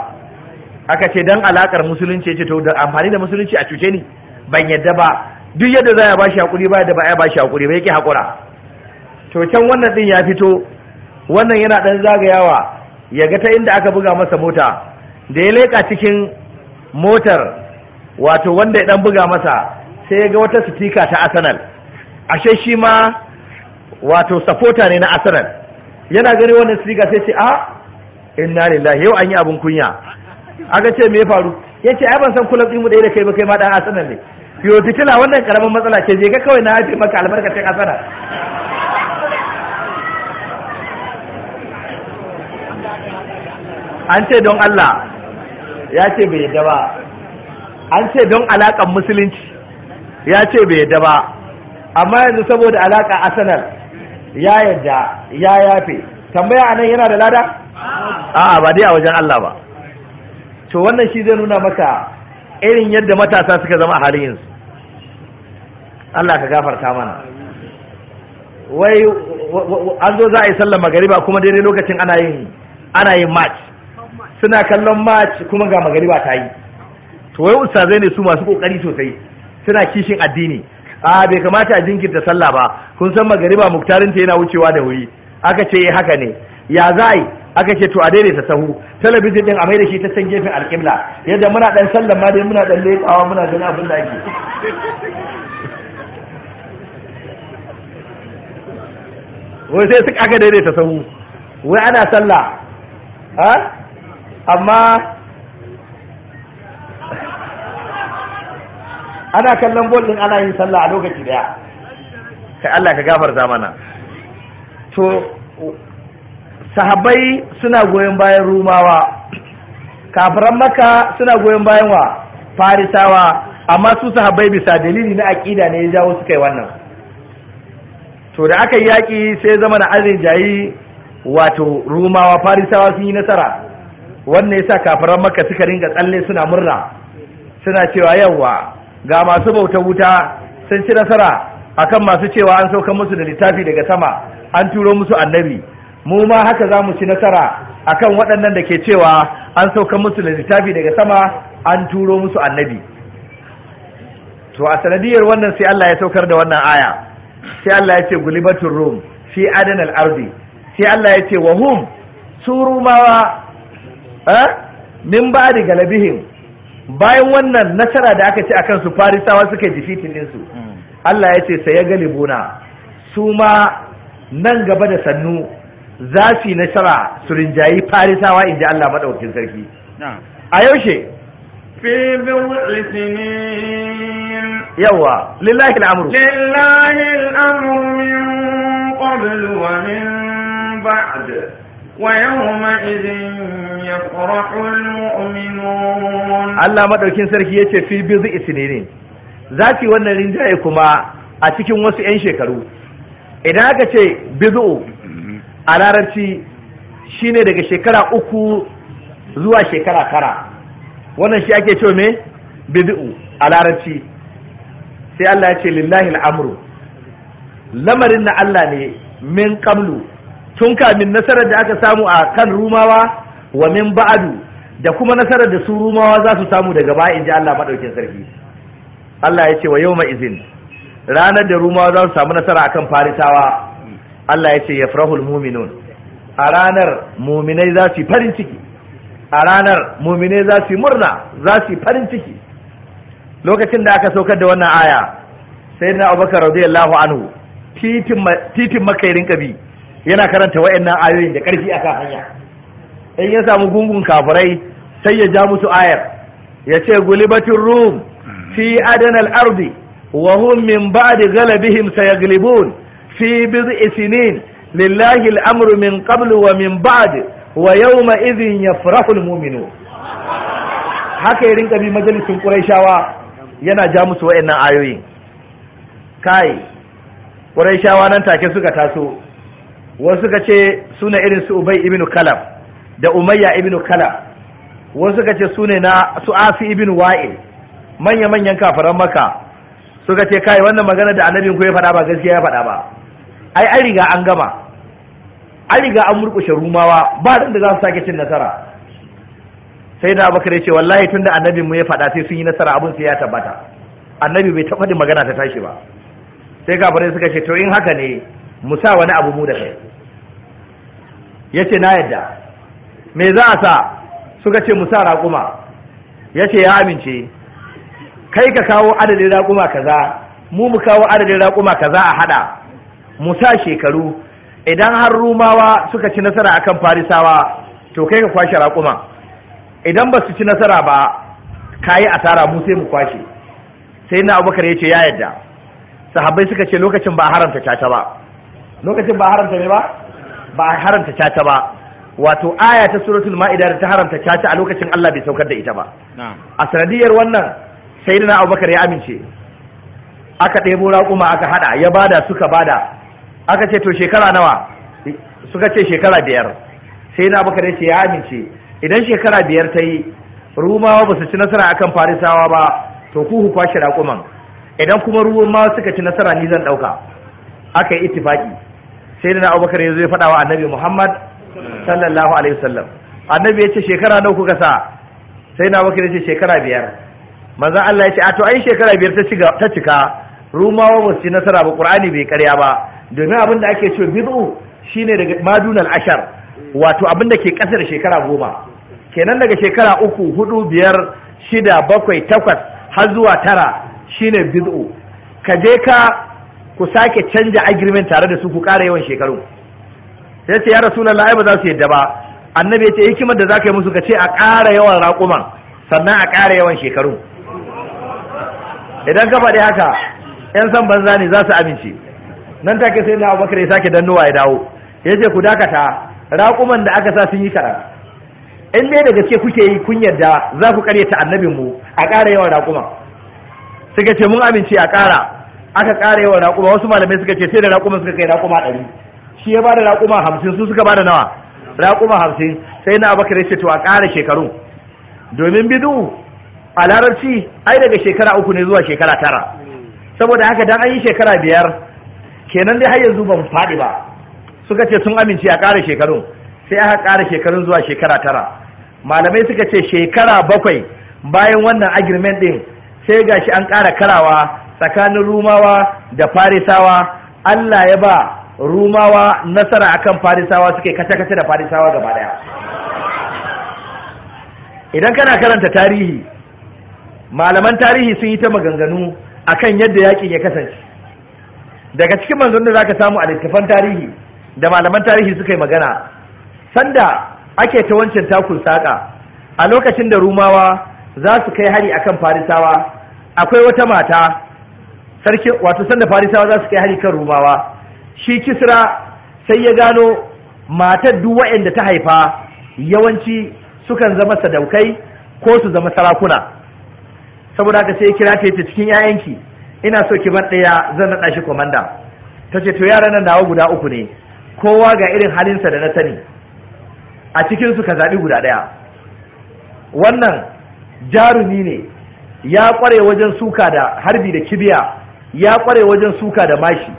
aka ce dan alakar musulunci ce to da amfani da musulunci a cuce ni ban yadda ba duk yadda za ya bashi hakuri ba yadda ba ya bashi hakuri ba yake hakura to can wannan din ya fito wannan yana dan zagayawa ya ga ta inda aka buga masa mota da ya leka cikin motar wato wanda ya dan buga masa sai ya ga wata sitika ta Arsenal ashe shi ma wato supporter ne na Arsenal yana gani wannan sitika sai ce a ah, inna lillahi yau an yi abun kunya aka ce me ya faru yace ai ban san kula din mu da kai ba kai ma dan asanar ne yo fitila wannan karamin matsala ce je ga kawai na haife maka albarkacin asana an ce don Allah ya ce bai yadda ba an ce don alakan musulunci ya ce bai yadda ba amma yanzu saboda alaƙa asanar ya yadda ya yafe tambaya anan yana da lada a'a ba dai a wajen Allah ba to wannan shi zai nuna maka irin yadda matasa suka zama a halin yanzu Allah ka gafarta mana wai an zo za a yi sallar magariba kuma daidai lokacin ana yin ana yin match suna kallon match kuma ga magariba ta yi to wai ustazai ne su masu kokari sosai suna kishin addini a bai kamata a jinkirta sallah ba kun san magariba muktarin yana wucewa da wuri aka ce eh, haka ne ya za aka ce to a daidaita sahu talabijin din a mai da shi ta san gefen alƙibla yadda muna dan sallan ma dai muna dan leƙawa muna gani abin da ake wai sai suka aka daidaita sahu wai ana sallah ha amma ana kallon bol din ana yin sallah a lokaci daya kai Allah ka gafarta mana to sahabbai suna goyon bayan rumawa kafiran maka suna goyon bayan wa farisawa amma su sahabai bisa dalili na aƙida ne ya jawo su kai wannan to da aka yi yaƙi sai zama na azin jayi wato rumawa farisawa sun yi nasara wannan yasa kafiran maka suka ringa tsalle suna murna suna cewa yawa ga masu bauta wuta sun ci nasara akan masu cewa an sauka musu da littafi daga sama an turo musu annabi mu ma haka za mu ci nasara akan waɗannan da ke cewa an sauka musu da littafi daga sama an turo musu annabi to a sanadiyar wannan sai Allah ya saukar da wannan aya sai Allah ya ce gulibatul rum fi adanal ardi sai Allah ya ce wa hum surumawa eh min ba'di galabihim bayan wannan nasara da aka ci akan su farisawa suka defeating din su hmm. Allah ya ce sai ya galibuna su ma nan gaba da sannu za su yi nasara su rinjayi farisawa in ji Allah maɗaukin sarki a yaushe Yawwa, lillahi al'amuru lillahi al'amuru min qablu wa min ba'd wa yawma idhin yafrahu al-mu'minun Allah maɗaukin sarki yace fi bizu isnirin za su yi wannan rinjaye kuma a cikin wasu 'yan shekaru idan aka ce bizu a larabci shine daga shekara uku zuwa shekara kara. wannan shi ake cewa me bid'u a larabci sai Allah ya ce lillahi al'amru lamarin na Allah ne min kamlu tun kamin nasarar da aka samu a kan rumawa wa min ba'adu da kuma nasarar da su rumawa za su samu daga baya inji Allah madaukin sarki Allah ya ce wa yawma izin ranar da rumawa za su samu nasara akan farisawa Allah ya ce farahul mu'minun a ranar muminai za su farin ciki a ranar muminai za su murna za su farin ciki lokacin da aka saukar da wannan aya sai na abubakar radiyallahu anhu titin makairin kabi yana karanta wayannan ayoyin da karfi a hanya in ya samu gungun kafirai sai ya ja musu ayar ya ce gulibatin rum fi adanal ardi wa hum min ba'di ghalabihim sayaglibun fi bid'i isinin, lillahi al'amru min qablu wa min ba'ad, wa ma idhin ya al-mu'minun haka ya rinka bi majalisin quraishawa yana ja musu wayannan ayoyin kai quraishawa nan take suka taso wasu suka ce suna irin su ubay ibn kalab da umayya ibn Kala, wasu suka ce sune na su afi ibn wa'il manya manyan kafiran maka suka ce kai wannan magana da annabin ku ya faɗa ba gaskiya ya faɗa ba ai an riga an gama an riga an murkushe rumawa ba da za su sake cin nasara sai da abakar ya ce wallahi tunda annabin mu ya faɗa sai sun yi nasara abun sai ya tabbata annabi bai taɓa da magana ta tashi ba sai gafarai suka ce to in haka ne mu sa wani abu mu da kai ya ce na yadda me za a sa suka ce mu sa raƙuma ya ce ya amince kai ka kawo adadin raƙuma kaza mu mu kawo adadin raƙuma kaza a haɗa. mu shekaru idan har rumawa suka ci nasara akan farisawa to kai ka kwashe raƙuma idan ba su ci nasara ba ka yi asara mu sai mu kwashe sai na abubakar ya ce ya yadda sahabbai suka ce lokacin ba haramta caca ba lokacin ba haramta ne ba ba haramta caca ba wato aya ta suratul ma'ida da ta haramta caca a lokacin Allah bai saukar da ita ba a sanadiyar wannan sai na abubakar ya amince aka ɗebo raƙuma aka hada ya bada suka bada aka ce to shekara nawa suka ce shekara biyar sai na baka ce ya amince idan shekara biyar ta yi rumawa ba su ci nasara akan farisawa ba to ku ku kwashe raƙuman idan kuma rumawa suka ci nasara ni zan ɗauka aka yi ittifaki sai da na abubakar ya zo ya faɗa wa annabi muhammad sallallahu alaihi wasallam annabi ya ce shekara nawa kuka sa sai na abubakar ya ce shekara biyar manzo allah ya ce a to ai shekara biyar ta cika rumawa ba su ci nasara ba qur'ani bai karya ba domin abin da ake cewa bid'u shine daga madunal ashar wato abin da ke ƙasa da shekara goma kenan daga shekara uku hudu biyar shida bakwai takwas har zuwa tara shine bid'u ka je ka ku sake canja agreement tare da su ku ƙara yawan shekaru sai sai ya rasulullahi ai ba za su yadda ba annabi ya ce hikimar da zaka yi musu ka ce a ƙara yawan raƙuman sannan a kara yawan shekaru idan ka faɗi haka yan san banza ne za su amince nan take sai na abubakar ya sake dannuwa ya dawo ya ce ku dakata raƙuman da aka sa sun yi kara in dai da gaske kuke yi kun yarda za ku ta annabin mu a ƙara yawan raƙuma suka ce mun amince a ƙara aka ƙara yawan raƙuma wasu malamai suka ce sai da raƙuman suka kai raƙuma ɗari shi ya bada raƙuma hamsin su suka bada nawa raƙuma hamsin sai na abubakar ya ce to a ƙara shekaru domin bidu a larabci ai daga shekara uku ne zuwa shekara tara saboda haka dan an yi shekara biyar kenan dai har yanzu ba mu faɗi ba suka ce sun amince a ƙara shekarun sai aka ƙara shekarun zuwa shekara tara malamai suka ce shekara bakwai bayan wannan agreement ɗin sai ga shi an ƙara karawa tsakanin rumawa da farisawa allah ya ba rumawa nasara akan farisawa suke kace-kace da farisawa gaba ɗaya idan kana karanta tarihi malaman tarihi sun yi ta maganganu akan yadda yakin ya kasance daga cikin manzon da zaka samu a littafan tarihi da malaman tarihi suka yi magana sanda ake ta wancan takun saka a lokacin da rumawa za su kai hari akan farisawa akwai wata mata sarki wato sanda farisawa za su kai hari kan rumawa shi kisra sai ya gano matar duk wa'anda ta haifa yawanci sukan zama sadaukai ko su zama sarakuna saboda haka sai kira ta cikin 'ya'yanki ina so ki bar ɗaya zan naɗa shi komanda ta ce to yaran nan nawa guda uku ne kowa ga irin halinsa da na sani a cikinsu ka zaɓi guda ɗaya wannan jarumi ne ya ƙware wajen suka da harbi da kibiya ya ƙware wajen suka da mashi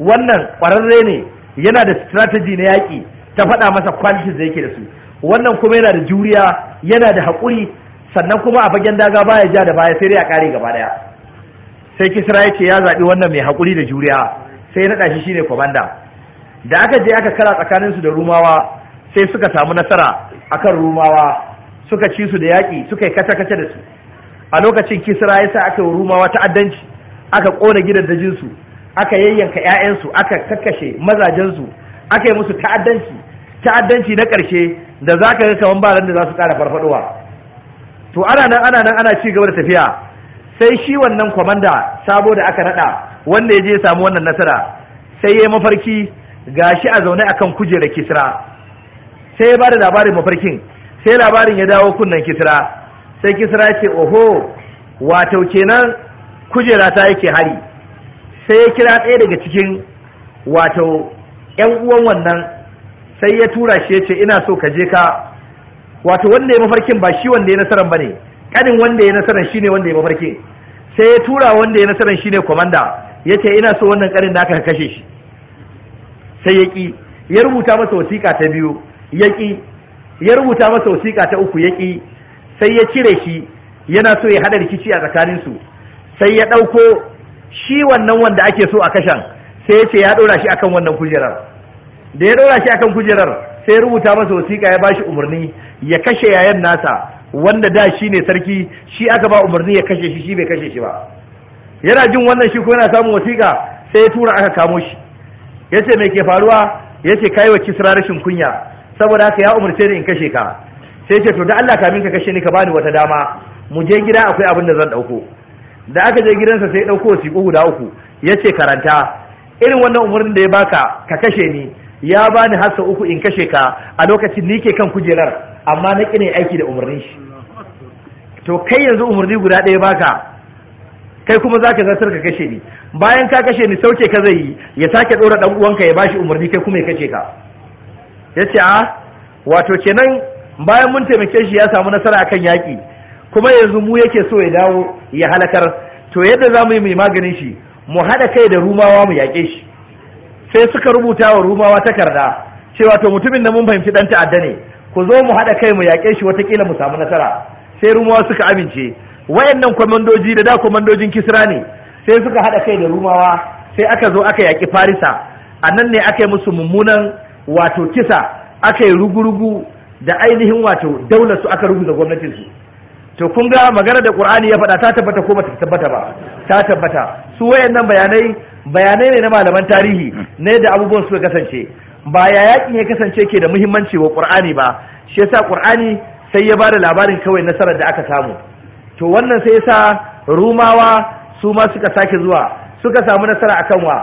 wannan ƙwararre ne yana da strategy na yaƙi ta faɗa masa qualities da yake da su wannan kuma yana da juriya yana da haƙuri sannan kuma a fagen daga baya ja da baya sai dai a ƙare gaba ɗaya sai kisra ya ce ya zaɓi wannan mai haƙuri da juriya sai ya naɗa shi shine kwamanda da aka je aka kara tsakaninsu da rumawa sai suka samu nasara akan rumawa suka ci su da yaƙi suka yi kace-kace da su a lokacin kisra ya sa aka yi rumawa ta'addanci aka ƙona su, aka yayyanka 'ya'yansu aka kakkashe mazajensu aka yi musu ta'addanci ta'addanci na ƙarshe da za ka ga kamar ba da za su ƙara farfaɗowa to ana nan ana nan ana ci gaba da tafiya sai shi wannan kwamanda sabo da aka nada wanda ya je samu wannan nasara sai ya mafarki gashi a zaune akan kujerar kisra sai ya bada labarin mafarkin sai labarin ya dawo kunnan kisra sai kisra ce oho wato kenan kujera ta yake hari sai ya kira ɗaya daga cikin wato ƴan uwan wannan sai ya tura shi ya ce ina so ka je ka wato wanda ya mafarkin ba shi wanda ya nasarar ba ne kanin wanda ya nasarar shine wanda ya mafarkin sai ya tura wanda ya nasarar shine komanda ya ce ina so wannan kanin aka kashe shi sai ya ƙi ya rubuta masa wasiƙa ta biyu ya ƙi ya rubuta masa wasiƙa ta uku ya ƙi sai ya cire shi yana so ya haɗa rikici a tsakanin su sai ya ɗauko shi wannan wanda ake so a kashen sai ya ce ya ɗora shi akan wannan kujerar da ya ɗora shi akan kujerar sai ya rubuta masa wasiƙa ya bashi umarni ya kashe yayan nasa wanda da shi ne sarki shi aka ba umarni ya kashe shi shi bai kashe shi ba yana jin wannan shi ko yana samun wasiƙa sai ya tura aka kamo shi ya ce mai ke faruwa ya ce kai wa kisra rashin kunya saboda haka ya umarce ni in kashe ka sai ce to da Allah kamin ka kashe ni ka bani wata dama mu je gida akwai abin da zan dauko da aka je gidansa sai ya dauko wasiƙu guda uku ya ce karanta irin wannan umarnin da ya baka ka kashe ni ya bani hasa uku in kashe ka a lokacin ni ke kan kujerar amma na ƙi aiki da umarnin shi to kai yanzu umarni guda ɗaya baka kai kuma zaka zartar ka kashe ni bayan ka kashe ni sauke ka zai yi ya sake ɗora ɗan uwanka ya bashi umarni kai kuma ya kashe ka yace a ah, wato kenan bayan mun taimake shi ya samu nasara akan yaƙi kuma yanzu mu yake so ya dawo ya halakar to yadda zamu mu yi mai maganin shi mu haɗa kai da rumawa mu yaƙe shi sai suka rubuta wa rumawa takarda cewa to mutumin da mun fahimci dan ta'adda ne ku zo mu haɗa kai mu yaƙe shi watakila mu samu nasara sai rumawa suka amince wayannan kwamandoji da da kwamandojin kisra ne sai suka haɗa kai da rumawa sai aka zo aka yaƙi farisa a nan ne aka yi musu mummunan wato kisa aka yi rugurugu da ainihin wato daular su aka rubuta gwamnatin su to kun ga magana da qur'ani ya faɗa ta tabbata ko bata tabbata ba ta tabbata su wayannan bayanai bayanai ne na malaman tarihi ne da abubuwan suka kasance ba ya yakin ya kasance ke da muhimmanci wa qur'ani ba shi yasa qur'ani sai ya bada labarin kawai nasarar da aka samu to wannan sai yasa rumawa su ma suka sake zuwa suka samu nasara akan wa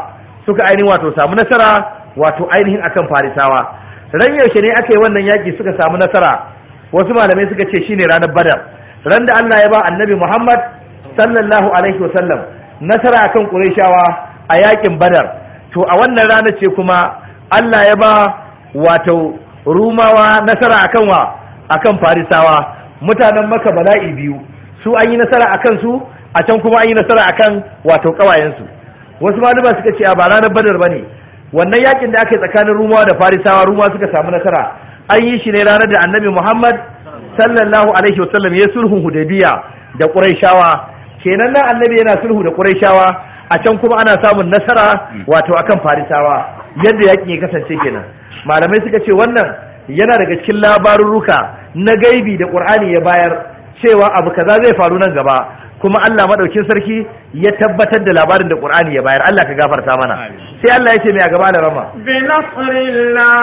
suka ainihin wato samu nasara wato ainihin akan farisawa ran yaushe ne aka yi wannan yaki suka samu nasara wasu malamai suka ce shine ranar badar ran da Allah ya ba annabi Muhammad sallallahu alaihi wasallam nasara akan qurayshawa a yakin badar to a wannan rana ce kuma Allah ya ba wato rumawa nasara akan wa akan farisawa mutanen maka bala'i biyu su an yi nasara akan su a can kuma an yi nasara akan wato kawayensu wasu malama suka ce a ba ranar badar bane wannan yakin da aka yi tsakanin rumawa da farisawa rumawa suka samu nasara an yi shi ne ranar da annabi muhammad sallallahu alaihi wasallam ya sulhu hudaybiya da quraishawa kenan nan annabi yana sulhu da quraishawa a can kuma ana samun nasara wato akan farisawa yadda yakin ya kasance kenan malamai suka ce wannan yana daga cikin labarurruka na gaibi da ƙur'ani ya bayar cewa abu kaza zai faru nan gaba kuma Allah madaukin sarki ya tabbatar da labarin da ƙur'ani ya bayar Allah ka gafarta mana sai Allah ce mai a gaba da rama bi nasrillah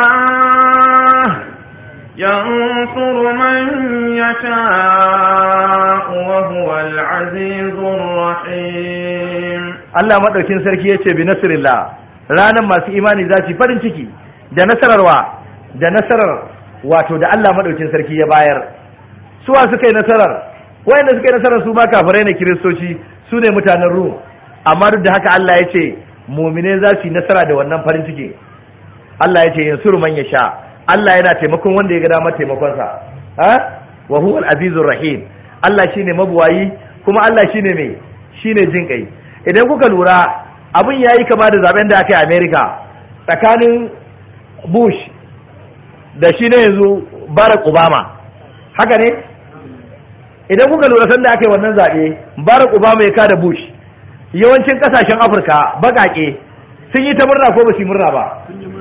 man yasha wa huwa al-azizur rahim Allah madaukin sarki yace bi nasrillah ranar masu imani za su farin ciki da nasararwa da nasarar wato da Allah madaukin sarki ya bayar wa suka yi nasarar wayanda suka yi nasarar su ma kafirai ne kiristoci su ne mutanen rum amma duk da haka Allah ya ce mumine za su yi nasara da wannan farin ciki Allah ya ce yansur man ya sha Allah yana taimakon wanda ya ga damar sa ha wa huwal azizur rahim Allah shine mabuwayi kuma Allah shine me shine jin idan kuka lura abin ya yi kama da zaben da aka yi Amerika tsakanin bush da shi ne yanzu barack obama haka ne idan kuka lura da aka yi wannan zaɓe barack obama ya kada bush yawancin kasashen afirka baƙaƙe sun yi ta murna ko ba su yi murna ba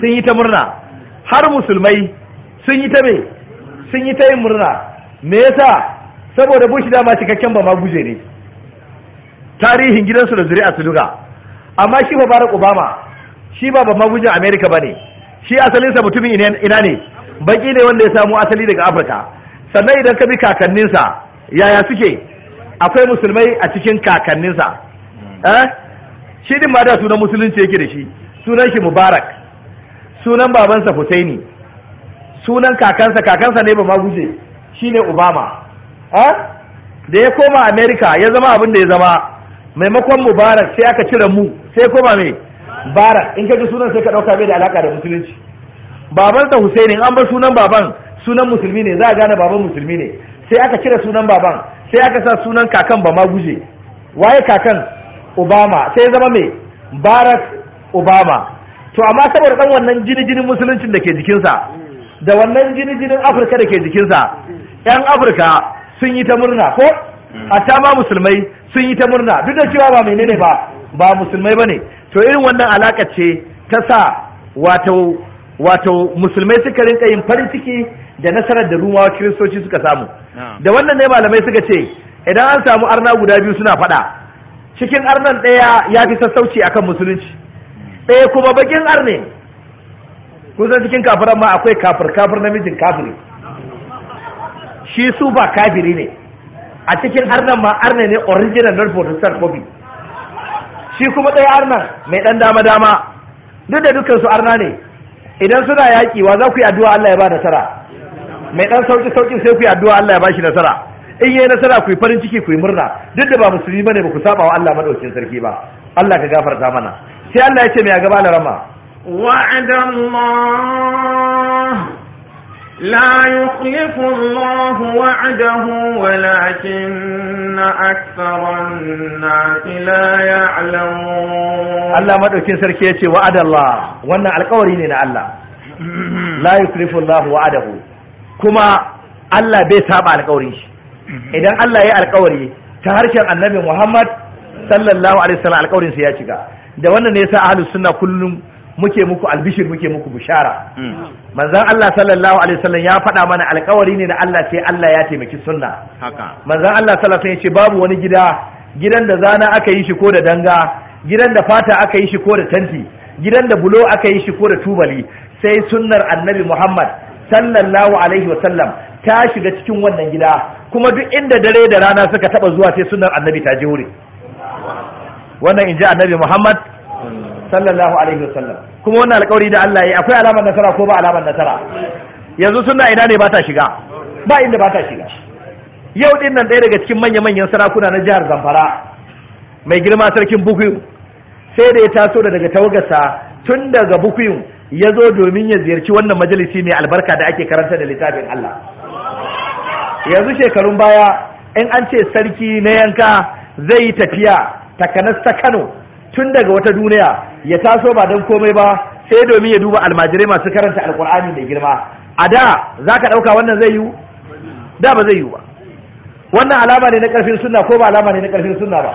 sun yi ta murna har musulmai sun yi ta me sun yi ta yin murna me yasa saboda bush dama cikakken ba ma guje ne tarihin gidansu da zuri'a su duka amma shi ba Barack Obama shi ba babban gujin America bane shi asalinsa mutumin ina ne baki ne wanda ya samu asali daga Afirka sannan idan ka bi kakanninsa yaya suke akwai musulmai a cikin kakanninsa eh shi din ma da sunan musulunci yake da shi sunan shi Mubarak sunan babansa Hussaini sunan kakansa kakansa ne ba ma guje shine Obama eh da ya koma America ya zama abin da ya zama maimakon Mubarak sai aka cire mu sai koma mai barak in ka ji sunan sai ka ɗauka bai da alaka da musulunci baban sa husaini an bar sunan baban sunan musulmi ne za a gane baban musulmi ne sai aka cire sunan baban sai aka sa sunan kakan ba ma guje waye kakan obama sai ya zama mai barak obama to amma saboda dan wannan jini jinin musuluncin da ke jikinsa da wannan jini jinin afirka da ke jikinsa yan afirka sun yi ta murna ko a ma musulmai sun yi ta murna duk da cewa ba menene ba ba musulmai ba ne? to irin wannan alaka ce ta sa wato wato musulmai suka rinka yin farin ciki da nasarar da rumawa kiristoci suka samu da wannan ne malamai suka ce idan an samu arna guda biyu suna faɗa cikin arnan ɗaya ya fi sassauci akan musulunci ɗaya kuma bakin arne kusan cikin kafiran ma akwai kafir kafir namijin kafiri shi su ba kafiri ne a cikin arnan ma arne ne original non protestant copy shi kuma ɗaya arna. mai ɗan dama dama duk da dukkan su arna ne idan suna yaƙi wa za ku yi addu'a Allah ya ba nasara mai ɗan sauki sauki sai ku yi addu'a Allah ya ba shi nasara in yi nasara ku yi farin ciki ku yi murna duk da ba musulmi bane ba ku saba wa Allah madaukin sarki ba Allah ka gafarta mana sai Allah ya ce mai a gaba da rama wa'adallah لا يخلف الله وعده ولكن أكثر الناس لا يعلمون الله مدوكين سركي يتي وعد الله وانا القورين الله لا يخلف الله وعده كما الله بيسابع القورين idan Allah ya alkawari ta harshen annabi Muhammad sallallahu alaihi wasallam alkawarin sa ya cika. da wannan ne yasa ahlus sunna kullum muke muku albishir muke muku bishara hmm. manzon Allah sallallahu alaihi wasallam ya faɗa mana alƙawari ne na Allah sai Allah ya taimaki sunna manzan Allah sallallahu alaihi ya ce babu wani gida gidan da zana aka yi shi ko da danga gidan da fata aka yi shi ko da tanti gidan da bulo aka yi shi ko da tubali sai sunnar annabi Muhammad sallallahu alaihi wasallam ta shiga cikin wannan gida kuma duk inda dare da rana suka taba zuwa sai sunnar annabi ta je wannan in ji annabi Muhammad sallallahu alaihi wasallam kuma wannan alƙawari da Allah ya yi akwai alamar nasara ko ba alamar nasara yanzu sunna ina ne ba ta shiga ba inda ba ta shiga yau din nan ɗaya daga cikin manya manyan sarakuna na jihar Zamfara mai girma sarkin Bukuyu sai da ya taso da daga tawagarsa tun daga Bukuyu ya zo domin ya ziyarci wannan majalisi mai albarka da ake karanta da littafin Allah yanzu shekarun baya in an ce sarki na yanka zai yi tafiya takanas ta Kano tun daga wata duniya ya taso ba don komai ba sai domin ya duba almajirai masu karanta alkur'ani mai girma a da za ka ɗauka wannan zai yiwu da ba zai yiwu ba wannan alama ne na ƙarfin sunna ko ba alama ne na ƙarfin sunna ba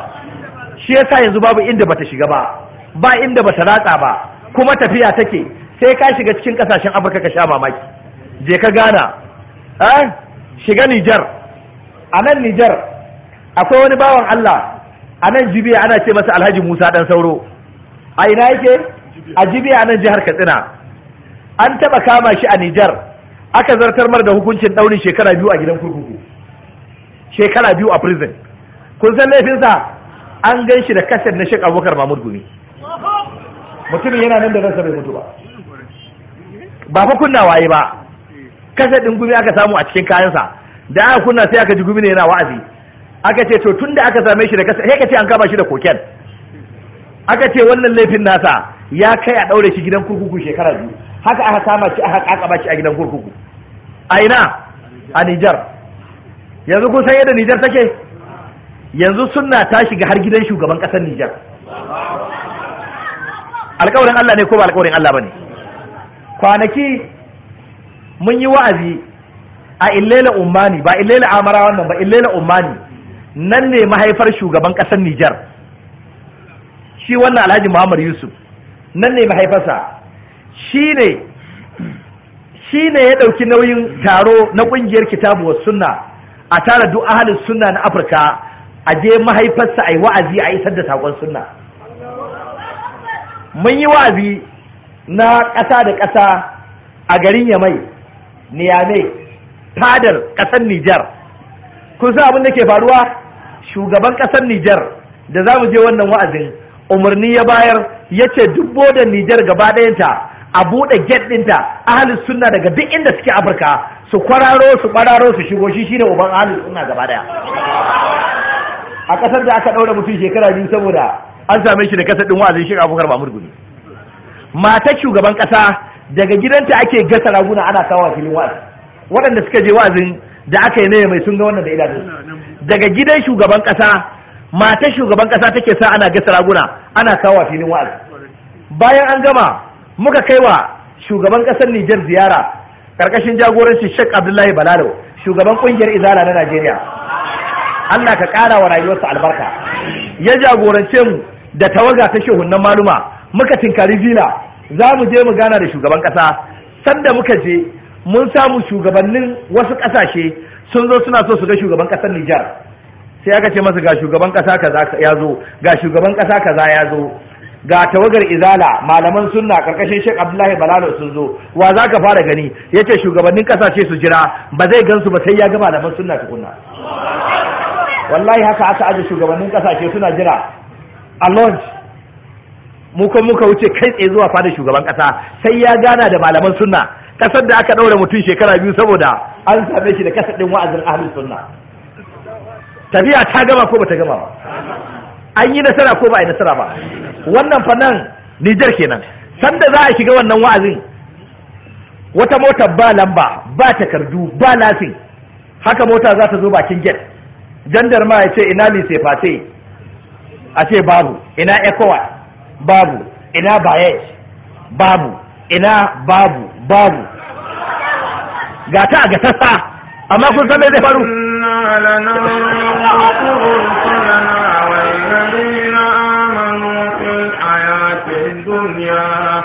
shi yasa yanzu babu inda bata shiga ba ba inda bata ratsa ba kuma tafiya take sai ka shiga cikin ƙasashen afirka ka sha mamaki je ka gana eh? shiga nijar a nan nijar akwai wani bawan allah a nan jibiya ana ce masa alhaji musa dan sauro a ina yake a jibiya nan jihar katsina an taba kama shi a nijar aka zartar mar da hukuncin ɗaurin shekara biyu a gidan kurkuku shekara biyu a prison kun san laifinsa an gan shi da kaset na shek abubakar mahmud gumi mutumin yana nan da ransa bai mutu ba ba fa kunna waye ba kaset ɗin gumi aka samu a cikin kayansa da aka kunna sai aka ji gumi ne yana wa'azi aka ce to tunda aka same shi da kaset sai ka ce an kama shi da koken aka ce wannan laifin nasa ya kai a ɗaure shi gidan kurkuku shekara biyu haka aka kama shi aka kakaba shi a gidan kurkuku a ina a Nijar yanzu kun san yadda Nijar take yanzu sunna ta shiga har gidan shugaban ƙasar Nijar alƙawarin Allah ne ko ba alƙawarin Allah bane kwanaki mun yi wa'azi a illela ummani ba illela amara wannan ba illela ummani nan ne mahaifar shugaban ƙasar Nijar shi wannan alhaji muhammad yusuf nan ne mahaifarsa shi ne ya ɗauki nauyin taro na ƙungiyar kitabu wa sunna a tara duk ahalin sunna na afirka a je mahaifarsa a yi wa'azi a isar da saƙon sunna mun yi wa'azi na ƙasa da ƙasa a garin yamai niyame fadar ƙasar nijar kun san abin da ke faruwa shugaban ƙasar nijar da za mu je wannan wa'azin umarni ya bayar ya ce duk bodan nijar gaba ɗayanta a buɗe get ɗinta ahalin sunna daga duk inda suke afirka su kwararo su ɓararo su shigo shi shine uban ahalin sunna gaba ɗaya a ƙasar da aka ɗaura mutum shekara biyu saboda an same shi da kasar ɗin wa'azin shi abubakar ba murguni matar shugaban ƙasa daga gidanta ake gasa raguna ana kawo filin wa'azi waɗanda suka je wa'azin da aka yi mai sun ga wannan da idanun daga gidan shugaban ƙasa matar shugaban kasa take sa ana gasa raguna ana kawo filin wa'azi bayan an gama muka kai wa shugaban kasar Nijar ziyara karkashin jagoranci shek Abdullahi Balalo shugaban kungiyar Izala na Najeriya Allah ka kara wa rayuwarsa albarka ya jagorance mu da tawaga ta shehunan maluma muka tinkari vila za mu je mu gana da shugaban kasa sanda muka je mun samu shugabannin wasu kasashe sun zo suna so su ga shugaban kasar Nijar sai aka ce masa ga shugaban kasa kaza ya zo ga shugaban kasa kaza ya zo ga tawagar izala malaman sunna karkashin shek abdullahi balalo sun zo wa za ka fara gani ya ce shugabannin kasashe su jira ba zai gansu ba sai ya ga malaman sunna tukunna wallahi haka aka aje shugabannin kasashe suna jira a launch mu kuma muka wuce kai tsaye zuwa fada shugaban kasa sai ya gana da malaman sunna kasar da aka daura mutum shekara biyu saboda an same shi da kasar din wa'azin ahlus sunna tafiya ta gama ko bata gama ba an yi nasara ko ba a yi nasara ba wannan fannin nijar kenan sanda za a shiga wannan wa'azin wata mota ba lamba ba takardu ba lasin haka mota za ta zo bakin get jandar ma ya ce ina lise fate a ce babu ina ekowa babu ina Baye? babu ina babu babu ga ta ga amma kun san me zai faru إنا لننصر رسلنا والذين آمنوا في الحياة الدنيا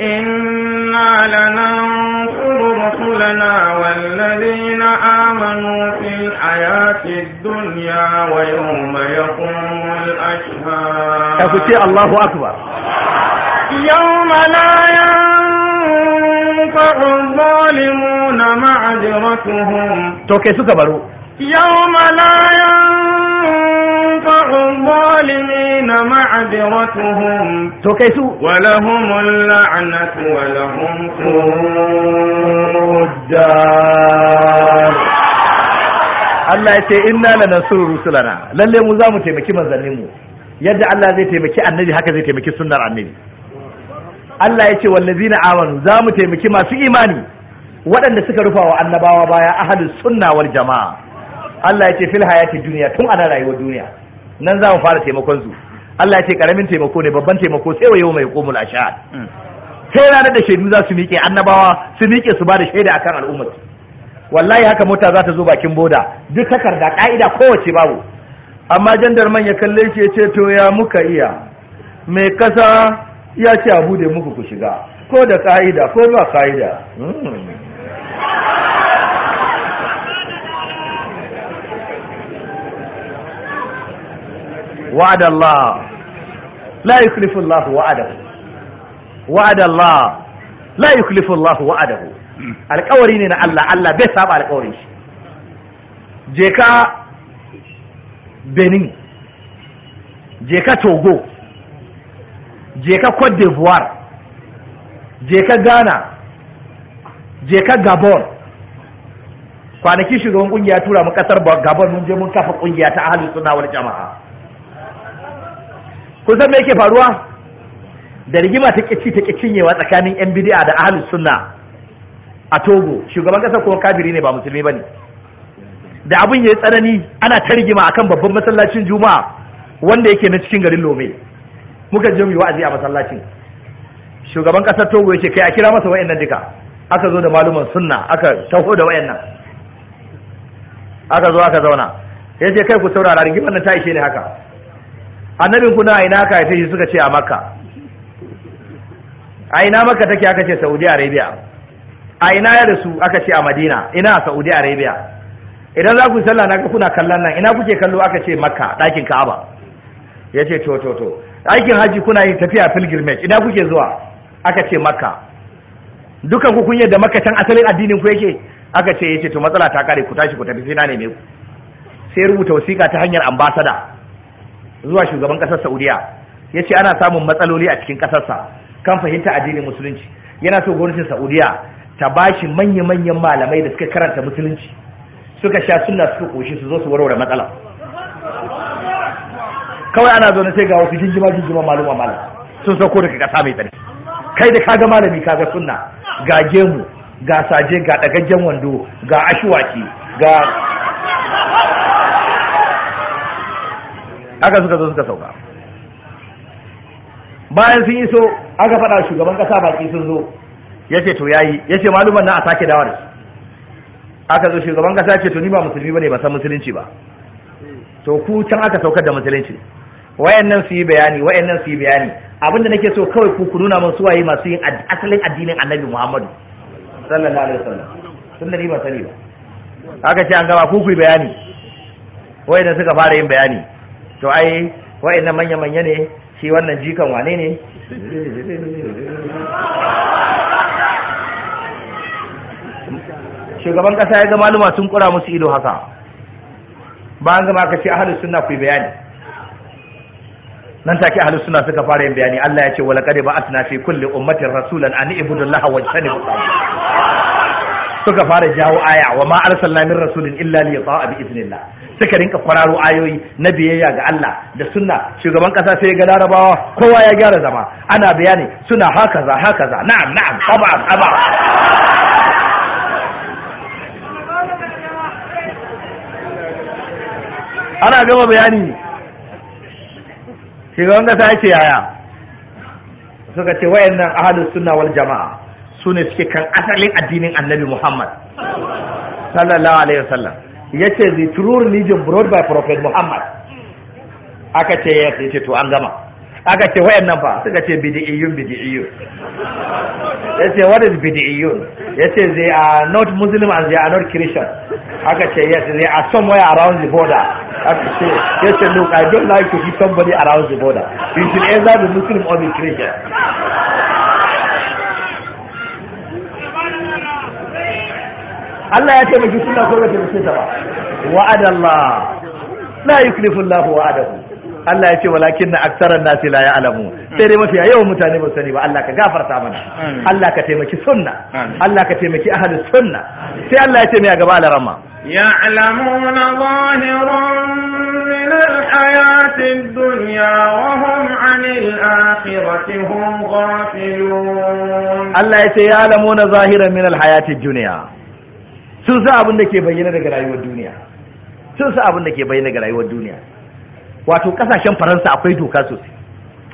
إنا لننصر رسلنا والذين آمنوا في الحياة الدنيا ويوم يقوم الأشهاد الله أكبر يوم لا ينصر toke الظالمون معذرتهم توكي سكبروا يوم Allah ya ce inna la nasuru rusulana lalle mu za mu taimaki manzanninmu yadda Allah zai taimaki annabi haka zai taimaki sunnar annabi Allah ya ce wallazina amanu za mu taimaki masu imani waɗanda suka rufa wa annabawa baya ahalin sunna wal jama'a Allah ya ce fil hayati duniya tun ana rayuwar duniya nan za mu fara taimakon su Allah ya ce karamin taimako ne babban taimako sai wa yau mai qumul ashad hmm. sai ranar da shaidu za su miƙe annabawa su miƙe su ba da shaida kan al'ummar wallahi haka mota za ta zo bakin boda duk takarda ka'ida kowace babu amma jandarman ya kalle shi ya ce to ya muka iya mai kasa ya ce abu da muku ku shiga ko da ka'ida ko ba ka'ida وعد hmm. la لا يخلف الله وعده وعد الله لا يخلف alƙawari ne na Allah Allah bai saba alƙawari. shi je ka Benin je ka Togo je ka cote d'ivoire je ka ghana je ka gabon kwanaki shugaban kungiya tura mu kasar gabon mun je mun kafa kungiya ta ahli sunna wal jama'a kun san me yake faruwa da rigima ta kici ta kicinyewa tsakanin yan bid'a da ahli sunna a togo shugaban kasar kuma kafiri ne ba musulmi bane da abin ya yi tsanani ana ta rigima akan babban masallacin juma'a wanda yake na cikin garin lome muka je mu yi wa'azi a masallacin shugaban kasar togo ya ce kai a kira masa wayannan duka aka zo da maluman sunna aka taho da wayannan aka zo aka zauna ya ce kai ku saurara rigimar nan ta ishe ne haka annabin ku na ina aka haife shi suka ce a makka a ina makka take aka ce saudi arabia a ina ya rasu aka ce a madina ina a saudi arabia idan za ku sallah na ga kuna kallon nan ina kuke kallo aka ce makka ɗakin ka'aba ya ce to to to aikin haji kuna yin tafiya pilgrimage idan kuke zuwa aka ce makka dukan ku kun yadda makka can asalin addinin ku yake aka ce yace to matsala ta kare ku tashi ku tafi sai na neme ku sai rubuta wasiƙa ta hanyar ambasada zuwa shugaban ƙasar Saudiya yace ana samun matsaloli a cikin ƙasarsa kan fahimta addinin musulunci yana so gwamnatin Saudiya ta bashi manya-manyan malamai da suka karanta musulunci suka sha sunna suka koshi su zo su warware matsala kawai ana zaune sai ga wasu jinjima-jinjima maluma malam sun sauko daga kasa mai tsarki kai da kaga malami kaga sunna ga gemu ga saje ga dagaggen wando ga ashuwaki ga aka suka zo suka sauka bayan sun yi so aka faɗa shugaban kasa baki sun zo ya ce to yayi ya ce maluman na a sake dawar aka zo shugaban kasa ce to ni ba musulmi ba ne ba san musulunci ba to ku can aka saukar da musulunci wayannan su yi bayani wayannan su yi bayani abinda nake so kawai ku ku nuna min su waye masu yin asalin addinin annabi Muhammadu sallallahu alaihi wasallam sun da ba sani ba haka ce an gaba ku ku yi bayani wayannan suka fara yin bayani to ai wayannan manya manya ne shi wannan jikan wane ne shugaban kasa ya ga maluma sun kura musu ido haka Ba an gama aka ce ahalus sunna ku bayani nan take ahlus sunna suka fara yin bayani Allah ya ce wala qad ba'athna fi kulli ummatin rasulan an ibudullaha wa jtanibu suka fara jawo aya wa ma arsalna min rasulin illa li yata'a bi idnillah suka rinka kwararo ayoyi na biyayya ga Allah da sunna shugaban kasa sai ga larabawa kowa ya gyara zama ana bayani suna hakaza hakaza na'am na'am taba taba ana gama bayani shugaban wanda ta ce yaya suka ce wayannan ahlus sunna wal jama'a su ne suke kan asalin addinin annabi muhammad sallallahu alaihi wasallam ya ce the true religion brought by prophet muhammad aka ce ya ce to an gama aka ce wayannan fa suka ce bid'iyun bid'iyun yace what is bid'iyun yace they are not muslim and they are not christian aka ce yes they are somewhere around the border aka ce yace look i don't like to keep somebody around the border you should either be muslim or be christian Allah ya taimaki suna ko ba taimake ta ba wa'adallah la yukhlifu Allahu wa'adahu Allah ya ce walakin na aksaran nasi la ya'lamu sai dai mafi yawan mutane ba sani ba Allah ka gafarta mana Allah ka taimaki sunna Allah ka taimaki ahlus sunna sai Allah ya ce mai a gaba alarama يعلمون ظاهرا من الحياة الدنيا وهم عن الآخرة هم غافلون الله sun abin da ke bayyana daga rayuwar duniya sun sa abin da ke bayyana daga rayuwar duniya wato kasashen faransa akwai doka sosai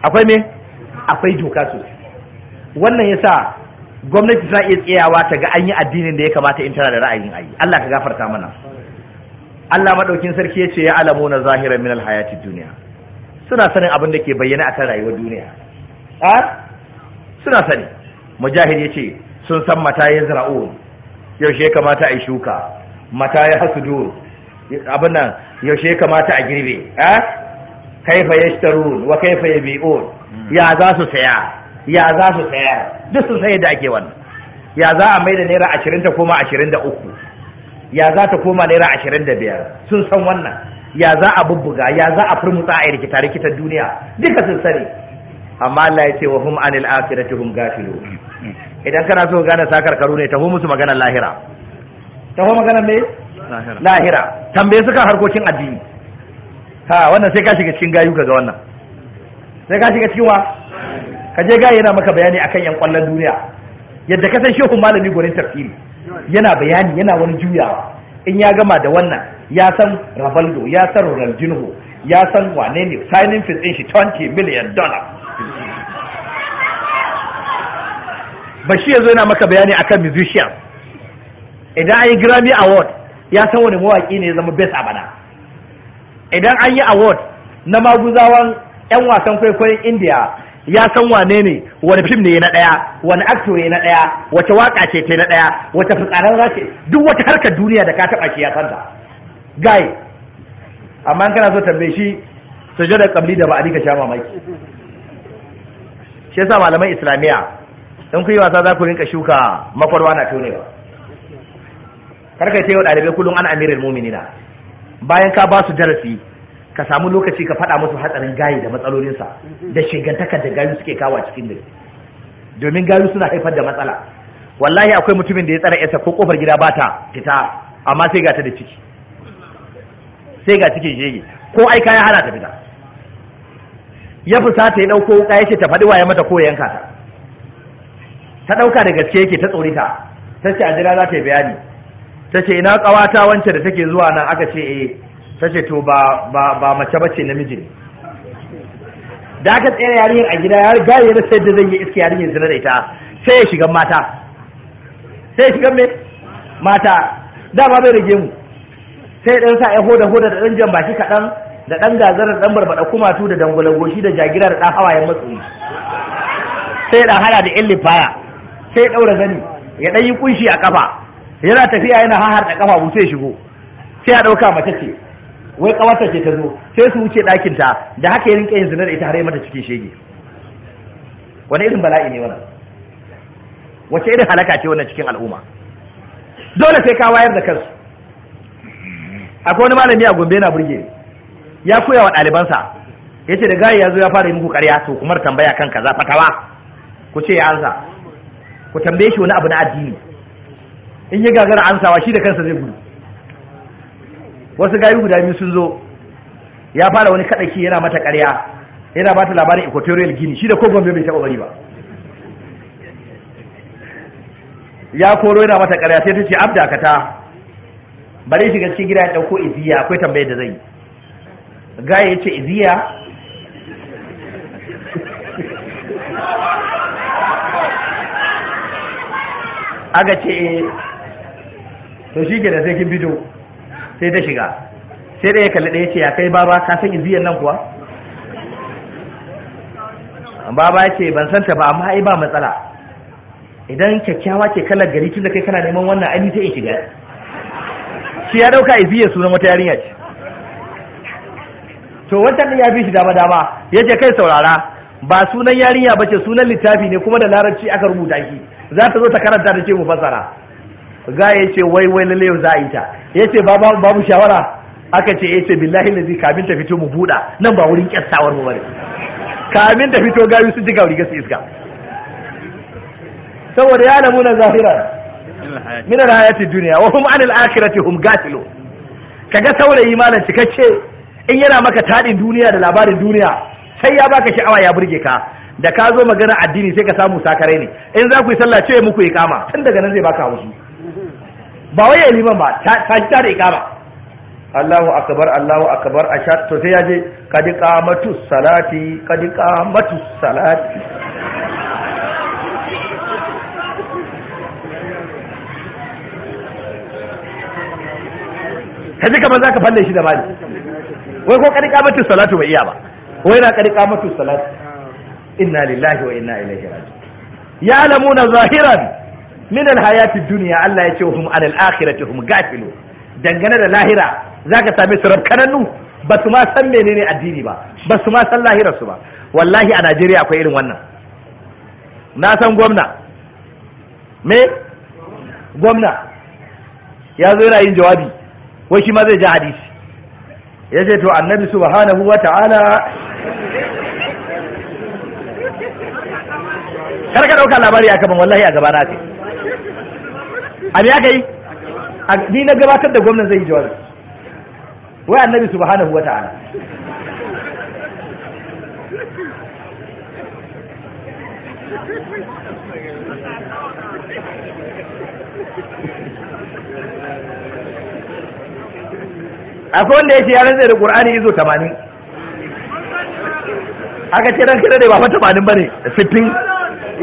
akwai me akwai doka sosai wannan yasa gwamnati za iya tsayawa ta ga an yi addinin da ya kamata in tana da ra'ayin ayi Allah ka gafarta mana Allah madaukin sarki ya ce ya alamu na zahiran min alhayati duniya suna sanin abin da ke bayyana akan rayuwar duniya a suna sani mujahid ya ce sun san mata ya zira'un yaushe ya kamata a yi shuka mata ya hasudu abin nan yaushe kamata a girbe kaifa yashtarun wa kaifa yabi'un ya za su saya ya za su saya duk sun sai da ake wannan ya za a mai da naira ashirin ta koma ashirin da uku ya za ta koma naira ashirin da biyar sun san wannan ya za a bubbuga ya za a furmutsa a rikita rikitar duniya duka sun sani amma Allah ya ce wa hum anil akhirati hum gafilun idan kana so gane sakar karu ne taho musu maganar lahira taho maganar me lahira tambaye su kan harkokin addini ha wannan sai ka shiga cikin gayu ga wannan sai ka shiga cikin wa ka je gayu yana maka bayani akan yan kwallon duniya yadda ka san shehun malami gurin tafsiri yana bayani yana wani juyawa in ya gama da wannan ya san rabaldo ya san Ronaldinho ya san wane ne signing fee din shi 20 million dollar bashi yazo yana maka bayani akan musician idan an Grammy award ya san wani mawaki ne ya zama best a bana idan an yi award na maguzawan yan wasan kwaikwayon india ya san wane ne wani fim ne na ɗaya wani aktor ne na ɗaya wace waka ce ta na ɗaya wace fitsarar ce duk wata harkar duniya da ka taɓa shi ya san ta gai amma kana so tambaye shi da kabli da ba'adi ka sha mamaki shi yasa malaman islamiya in ku yi wasa za ku rinka shuka makwarwa na tonewa karka ce wa ɗalibai kullum ana amirul mu'minina bayan ka ba su darasi ka samu lokaci ka faɗa musu hatsarin gayi da matsalolinsa da shigantaka da gayu suke kawo a cikin dare. domin gayu suna haifar da matsala wallahi akwai mutumin da ya tsara yasa ko kofar gida bata fita amma sai ga ta da ciki sai ga cikin shege ko ai kaya hana ta fita ya fusata ya ɗauko wuka ya ce ta faɗi waye mata ko yanka ta ta ɗauka da gaske yake ta tsorita ta ce a jira za ta yi bayani ta ce ina ƙawata wance da take zuwa nan aka ce eh ta ce to ba ba mace ba ce namiji da aka tsere yarinyar a gida ya riga ya rasa yadda zai yi iska yarinyar zina da ita sai ya shiga mata sai ya shiga me mata dama bai rage mu sai dan sa ya hoda hoda da dan jan baki kaɗan da dan da dan barbada kumatu da dangulan goshi da jagira da dan hawayen matsoyi sai dan hada da illifaya sai ya daura zani ya dan yi kunshi a kafa yana tafiya yana hahar da kafa sai shigo sai ya dauka mace ce wai kawarta ce ta zo sai su wuce ɗakin ta da haka ya rinka yin zina da ita har ya mata cikin shege wani irin bala'i ne wannan wace irin halaka ce wannan cikin al'umma dole sai ka wayar da kansu akwai wani malami a gombe na burge ya koya wa ɗalibansa ya ce da gaya ya zo ya fara yi muku karya to kuma tambaya kanka, za fatawa ku ce ya ansa ku tambaye shi wani abu na addini in ya gagara amsawa shi da kansa zai gudu wasu gayu guda biyu sun zo ya fara wani kadaki yana mata ƙarya yana ba ta labarin equatorial guinea shi da kogon bai taɓa bari ba ya koro yana mata karya sai ta ce abda ka ta bare shiga cikin gida ya ɗauko iziya akwai tambayar da zai gaya ya ce iziya aga ce to shi da sai kin fito sai ta shiga sai da ya kalli ɗaya ce ya kai baba ka san iziyar nan kuwa baba ya ce ban san ta ba amma ai ba matsala idan kyakkyawa ke kalar gari tun da kai kana neman wannan ali sai in shiga shi ya dauka iziyar sunan wata yarinya ce to wata ya fi shi dama dama ya ce kai saurara ba sunan yarinya ba ce sunan littafi ne kuma da larabci aka rubuta shi za ta zo ta karanta da ce mu fassara ga ya ce wai wai lalle yau za a yi ta ya ce babu mu shawara aka ce ya ce billahi lazi kamin ta fito mu buɗa nan ba wurin kyastawar mu bane kamin ta fito gari sun jiga ga su iska saboda ya lamu na zahira min alhayati duniya wa hum anil akhirati hum gafilun kaga saurayi malam cikakke in yana maka tadin duniya da labarin duniya sai ya baka sha'awa ya burge ka da ka zo magana addini sai ka samu sakare ne in za ku yi sallah ce muku ikama tun daga nan zai baka haushi ba wai ya liman ba ta ta da ikama Allahu akbar Allahu akbar ashad to sai yaje kad qamatu salati kad qamatu salati kaje kamar zaka falle shi da mali wai ko kad qamatu salatu bai iya ba wai na kad qamatu salati inna lillahi wa inna ilaihi raji'un ya'lamuna zahiran min alhayati dunya Allah ya ce hum anil akhirati hum gafilu dangane da lahira zaka same su rabkananu ba su ma san menene addini ba ba su ma san lahira su ba wallahi a Najeriya akwai irin wannan na san gwamna me gwamna ya zo yana yin jawabi wai shi ma zai ji hadisi ya ce to annabi subhanahu wa ta'ala kar ka dauka labari a kaman wallahi a gaba na kai abi aka yi ni na gabatar da gwamnan zai yi jawabi wai annabi subhanahu wa ta'ala akwai wanda ya ce ya rantsa da qur'ani izo 80 aka ce ran kira da ba fa 80 bane 60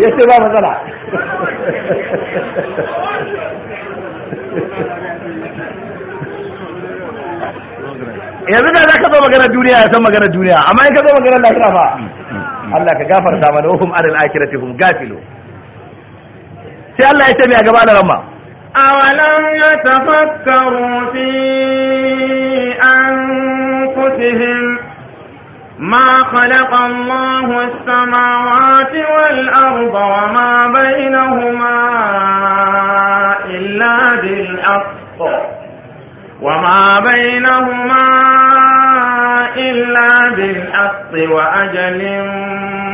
ya ce ba matsala *laughs* yanzu da zaka zo magana duniya ya san magana duniya amma in ka zo magana lahira fa Allah ka gafarta mana wahum anil akhirati hum gafilu sai Allah ya ce mai gaba da ramma awalam yatafakkaru fi anfusihim ما خلق الله السماوات والأرض وما بينهما إلا بالحق وما بينهما إلا بالحق وأجل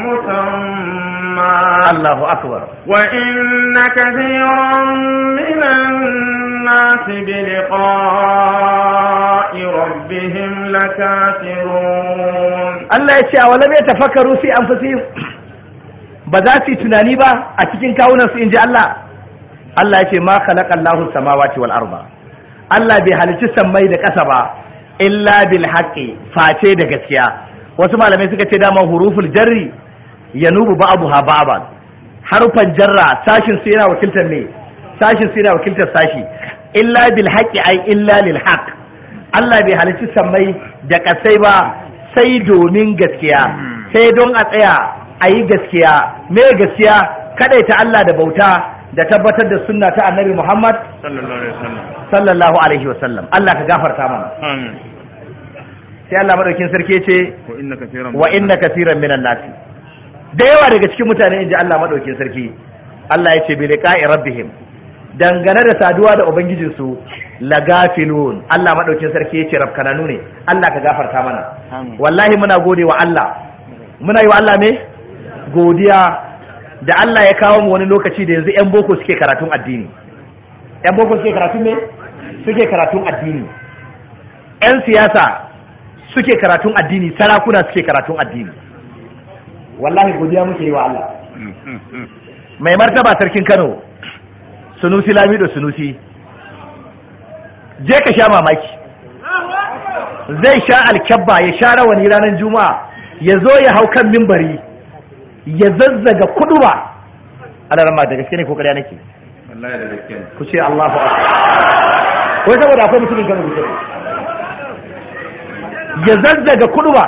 مسمى الله أكبر وإن كثيرا من الناس بلقاء ربهم لكافرون الله يشاء ولم يتفكروا في أنفسهم ba za su yi tunani ba a cikin kawunansu in ji Allah Allah ya ce ma khalaqa Allahu samawati wal arda Allah bai halicci sammai da ƙasa ba illa bil haqqi face da gaskiya wasu malamai suka ce dama huruful jarri yanubu ba ba. harfan jarra sashin su yana wakiltar ne sashin su yana wakiltar sashi illa bil haqqi ai illa lil haqq Allah bai halicci sammai da ƙasai ba sai domin gaskiya sai don a tsaya a yi gaskiya me gaskiya ta Allah da bauta da tabbatar da sunna ta annabi Muhammad sallallahu alaihi wa sallam. Allah ka gafarta mana Amin. sai Allah madaukin sarki ce wa inna katiran minan nasi da yawa daga cikin mutane inji Allah madaukin sarki Allah ya ce bi liqa'i rabbihim dangane da saduwa da ubangijinsu la gafilun Allah madaukin sarki ya ce rabkananu ne Allah ka gafarta mana wallahi muna gode wa Allah muna yi wa Allah ne godiya da Allah ya kawo mu wani lokaci da yanzu yan boko suke karatun addini yan boko suke karatun me suke karatun addini yan siyasa suke karatun addini sarakuna suke karatun addini wallahi godiya muke yi wa Allah mai martaba sarkin Kano Sunusi Lamido Sunusi je ka sha mamaki zai sha alkyabba ya sha rawani ranar juma'a ya zo ya hau kan mimbari ya zazzaga kuduba ana ramma da gaske ne ko ƙarya nake wallahi da gaske ku ce Allahu akbar ko saboda akwai mutumin kan rubuce ya zazzaga kuduba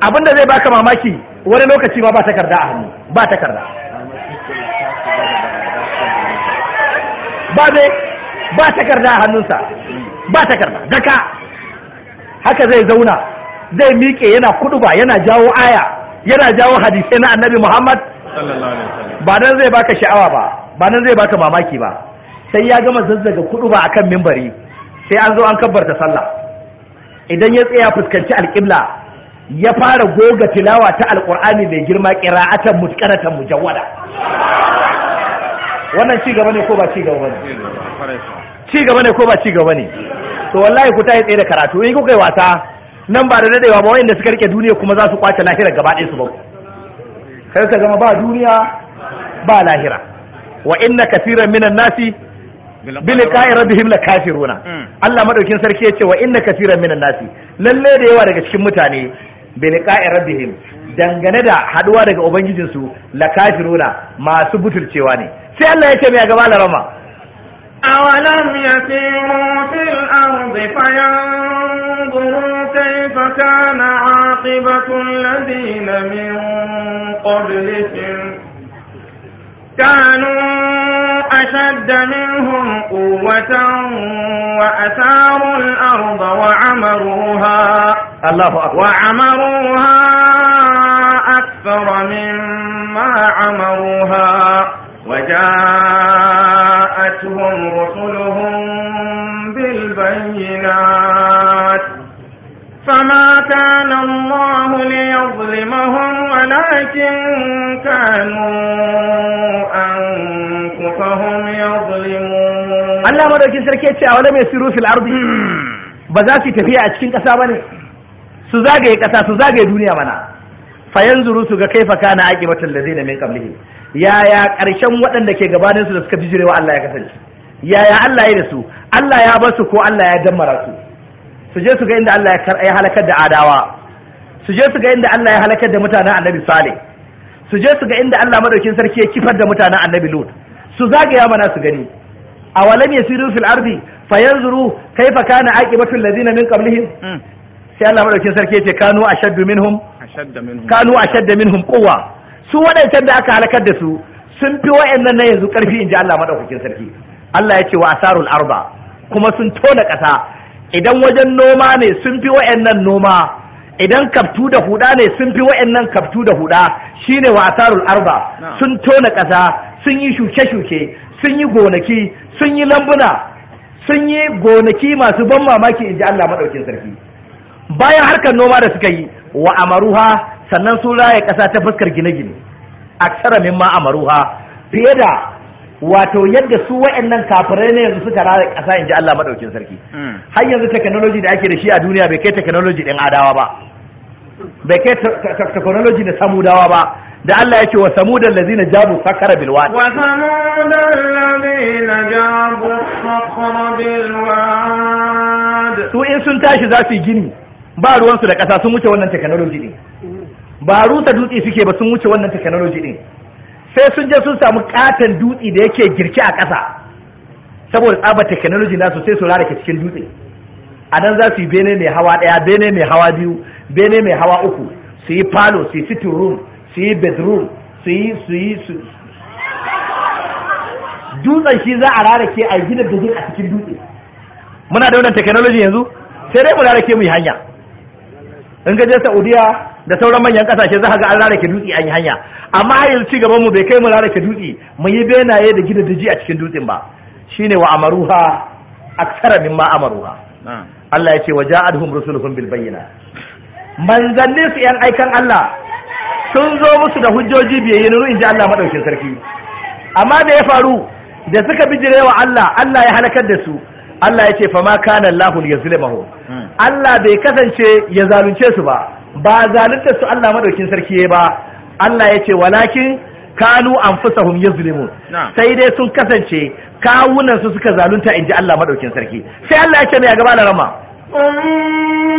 abinda zai baka mamaki wani lokaci ma ba takarda a hannu ba takarda ba dai ba takarda a hannunsa ba takarda daka haka zai zauna zai miƙe yana kuduba yana jawo aya yana jawo hadisai na annabi Muhammad ba nan zai baka sha'awa ba ba nan zai baka mamaki ba sai ya gama zazzaga kudu ba akan mimbari sai an zo an kabbarta sallah idan ya tsaya fuskanci alƙibla ya fara goga tilawa ta alƙur'ani mai girma ƙira'atan mutqaratan mujawwada wannan ci gaba ne ko ba ci gaba ne ci ne ko ba ci gaba ne to wallahi ku ta yi tsaye da karatu in kuka yi wasa nan ba da dadewa ba wayanda suka rike duniya kuma za su kwace lahira gaba ɗaya su ba kai ka gama ba duniya ba lahira wa inna kaseeran minan nasi ka'i rabbihim la kafiruna hmm. Allah madaukin sarki yace wa inna kaseeran minan nasi lalle da yawa daga cikin mutane ka'i rabbihim dangane da haduwa daga ubangijinsu la kafiruna masu butulcewa ne sai Allah ya ce mai gaba larama أولم يسيروا في الأرض فينظروا كيف كان عاقبة الذين من قبلهم كانوا أشد منهم قوة وأثاروا الأرض وعمروها الله أكبر وعمروها أكثر مما عمروها وجاءتهم رسلهم بالبينات فما كان الله ليظلمهم ولكن كانوا أنفسهم يظلمون Allah madaukin sarki ya ce a wani mai siru fil ba za su tafiya a cikin ƙasa ba ne su zagaye ƙasa su zagaye duniya mana fayan zuru su ga kaifa kana aqibatul ladina min qablihim yaya ƙarshen waɗanda ke gabaninsu da suka fi jirewa Allah ya kasance yaya Allah ya da su Allah ya ba su ko Allah ya dammara su su je su ga inda Allah ya halakar da adawa su je su ga inda Allah ya halakar da mutanen annabi salih su je su ga inda Allah madaukin sarki ya kifar da mutanen annabi lut su zaga ya mana su gani a awalam yasiru fil ardi fayanzuru kaifa kana aqibatu alladhina min qablihim hmm. sai Allah madaukin sarki ya ce kanu ashaddu minhum kanu ashadda minhum quwwa su waɗancan da aka halakar da su sun fi wa'annan na yanzu ƙarfi in ji Allah maɗaukakin sarki Allah ya ce wa asarul arba kuma sun tona ƙasa idan wajen noma ne sun fi nan noma idan kaftu da huɗa ne sun fi nan kaftu da huɗa, shine wa asarul arba sun tona ƙasa sun yi shuke-shuke sun yi gonaki sun yi lambuna sun yi gonaki masu ban mamaki in ji Allah maɗaukin sarki bayan harkar noma da suka yi wa amaruha sannan sun raya ƙasa ta fuskar gine-gine tsara min ma a maruha fiye da wato yadda su wa'annan kafirai ne yanzu suka raya ƙasa in ji Allah maɗaukin sarki hmm. har yanzu technology da ake da shi a duniya bai kai technology ɗin adawa ba bai kai technology na samudawa ba da Allah ya ce wa samudan lazina jabu sakara na jabu sakara bilwa su in sun tashi za su yi gini ba ruwansu da ƙasa sun wuce wannan technology ne ba rusa dutse suke ba sun wuce wannan technology din sai sun je sun samu katon dutse da yake girki a ƙasa saboda tsaba technology nasu sai su rarake cikin dutse a nan za su yi bene mai hawa ɗaya bene mai hawa biyu bene mai hawa uku su yi palo su yi sitting room su yi bedroom su yi su yi su dutsen shi za a rarake a gina gajin a cikin dutse muna da wannan technology yanzu sai dai mu rarake mu yi hanya in ka je saudiya da sauran manyan kasashe za ga an rarrake dutse an yi hanya amma ayyul ci gaban mu bai kai mu rarake dutse mu yi benaye da ji a cikin dutsen ba shine wa amaruha aksara mimma amaruha Allah ya ce wa ja'adhum rusuluhum bil bayyina manzannin su yan aikan Allah sun zo musu da hujjoji yin ru'in, ji Allah madaukin sarki amma da ya faru da suka bijirewa Allah Allah ya halakar da su Allah ya ce fama kana Allahu ya hmm. Allah bai kasance ya zalunce su ba ba zalunta su Allah madaukin sarki ba Allah ya ce walakin kanu anfusahum yuzlimun sai dai sun kasance kawunan su suka zalunta inji Allah madaukin sarki sai Allah ya ce mai gaba da rama ثم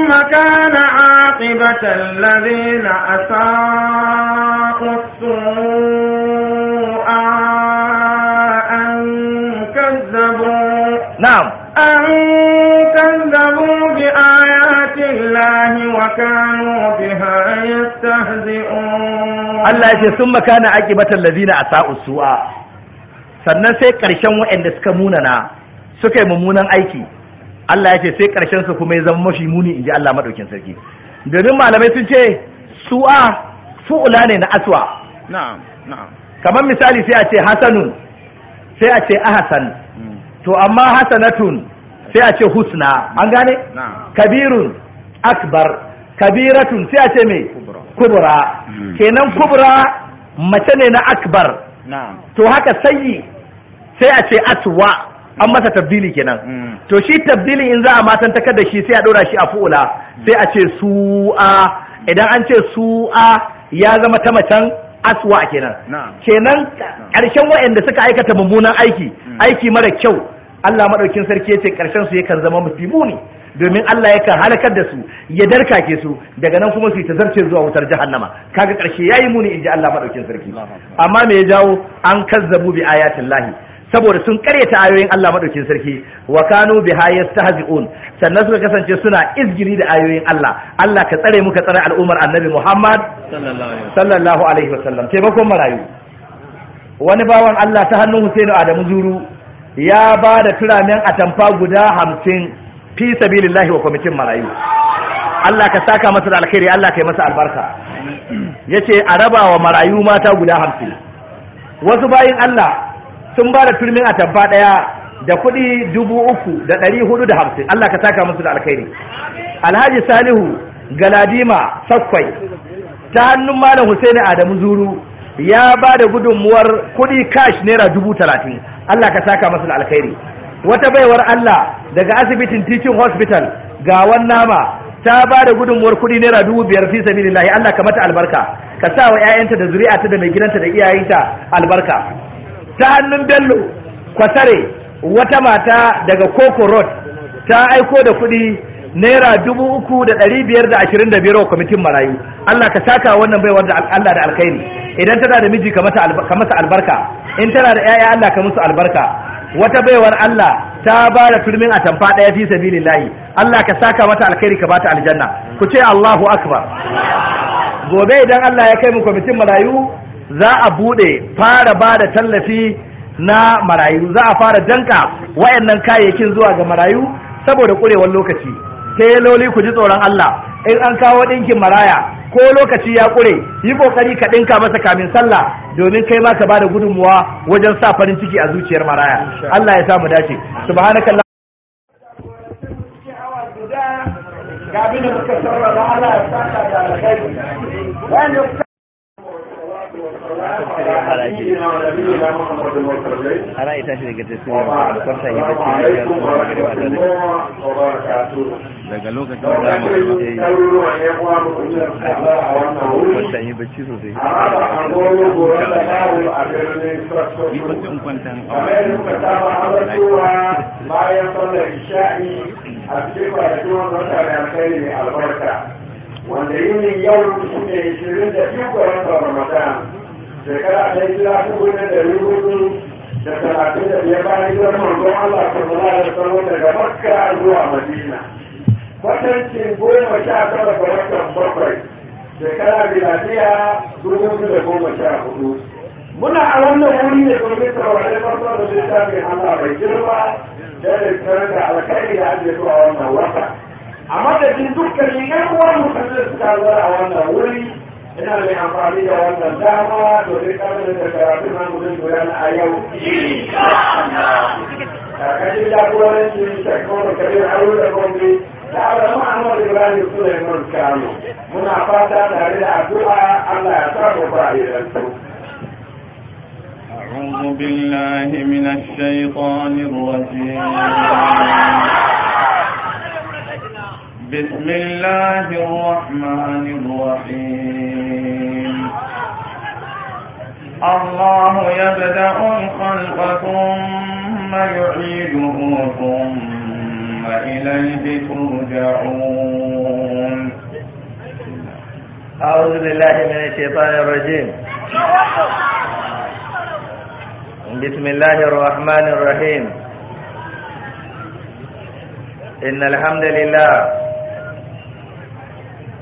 كان عاقبة الذين أساءوا السوء أن كذبوا نعم Allah ya ce sun وكانوا بها يستهزئون الله يشي ثم كان عاقبة sannan sai ƙarshen waɗanda suka munana suka yi mummunan aiki Allah ya ce sai ƙarshen su kuma ya zama mafi muni in ji Allah maɗaukin sarki domin malamai sun ce su'a su'ula ne na aswa kamar misali sai a ce hasanun sai a ce ahasan to amma hasanatun sai a ce husna an gane kabirun akbar kabiratun sai a ce me kubra hmm. kenan kubra mace ne na akbar to haka sayi sai a ce aswa an masa tabdili kenan hmm. to shi tabdili in za a matan ta kada shi sai a dora shi a fu'ula sai a ce su'a idan an ce su'a ya zama ta macen aswa kenan kenan ƙarshen waɗanda suka aikata mummunan aiki hmm. aiki mara kyau Allah madaukin sarki ce karshen su yakan zama muni domin Allah yakan halakar da su ya darkake su daga nan kuma su ta zarce zuwa wutar jahannama kaga karshe yayi muni inji Allah madaukin sarki amma me ya jawo an kazzabu bi ayatin lahi saboda sun karyata ayoyin Allah madaukin sarki wa kanu biha yastahzi'un sannan suka kasance suna izgiri da ayoyin Allah Allah ka tsare mu ka tsare al'ummar Annabi Muhammad sallallahu alaihi wasallam taimakon marayu wani bawan Allah ta hannun Husainu Adamu Zuru ya ba da turamen atamfa guda hamsin fi sabilillahi wa kwamitin marayu Allah ka saka masa da alkhairi Allah ka yi masa albarka Ya ce a raba wa marayu mata guda hamsin wasu bayin Allah sun ba da turmin atamfa ɗaya da kuɗi dubu uku da ɗari hudu da hamsin Allah ka saka masa da alkhairi alhaji salihu galadima sakwai ta hannun malam husaini adamu zuru ya ba da gudunmuwar kuɗi cash naira dubu talatin Allah ka saka masu alkhairi wata baiwar Allah daga asibitin teaching hospital ga nama ta ba da gudunmuwar kuɗi naira dubu biyar fi lillahi Allah ka mata albarka ka sa wa 'ya'yanta da zuri'ata da mai gidanta da iyayenta albarka ta hannun bello kwasare wata mata daga koko road ta aiko da kuɗi naira dubu uku da ɗari biyar da ashirin da biyar wa kwamitin marayu Allah ka saka wannan baiwar da Allah da alkhairi idan tana da miji ka masa albarka in tana da 'ya'ya Allah ka musu albarka wata baiwar Allah ta ba da turmin atamfa ɗaya fi layi, Allah ka saka mata alkhairi ka bata aljanna ku ce Allahu akbar gobe idan Allah ya kai mu kwamitin marayu za a buɗe fara ba da tallafi na marayu za a fara danka wayannan kayayyakin zuwa ga marayu saboda kurewar lokaci teloli ku ji tsoron Allah in an kawo ɗinkin maraya ko lokaci ya ƙure yi ƙoƙari ka ɗinka masa kamin sallah domin kai ma ka da gudunmuwa wajen sa farin ciki a zuciyar maraya Allah ya sa mu dace subhanakallah ana ita shi daga tasirin yi ne daga lokacin da zamu yi yi kwanta yi bacci sosai ni kwanta in bayan a cikin kwanakin wata albarka wanda yin yau shi ne 20 da 3 ga ramadan shekara ta yi kira dubu da ɗari hudu da talatin da biyar bayan hijirar manzon Allah ta sallallahu da wasallam daga Makka zuwa Madina. Kwatancin goma sha tara ga watan bakwai shekara biladiya dubu da goma sha hudu. Muna a wannan wuri ne domin saurari farko da zai sami Allah bai girma da littarar da alkhairi da ake zuwa wannan wata. A madadin dukkanin 'yan uwan musulmi suka zara a wannan wuri ina mai amfani da wannan dama domin kamar da karatu na mutum gudan a yau. Kakashin jagorancin shakon kabir aro da gombe da alamu Ahmad Ibrahim Sulaiman Kano. Muna fata tare da addu'a Allah ya sa mu fa'idantu. أعوذ بالله من الشيطان الرجيم بسم الله الرحمن الرحيم الله يبدأ الخلق ثم يعيده ثم إليه ترجعون أعوذ بالله من الشيطان الرجيم بسم الله الرحمن الرحيم إن الحمد لله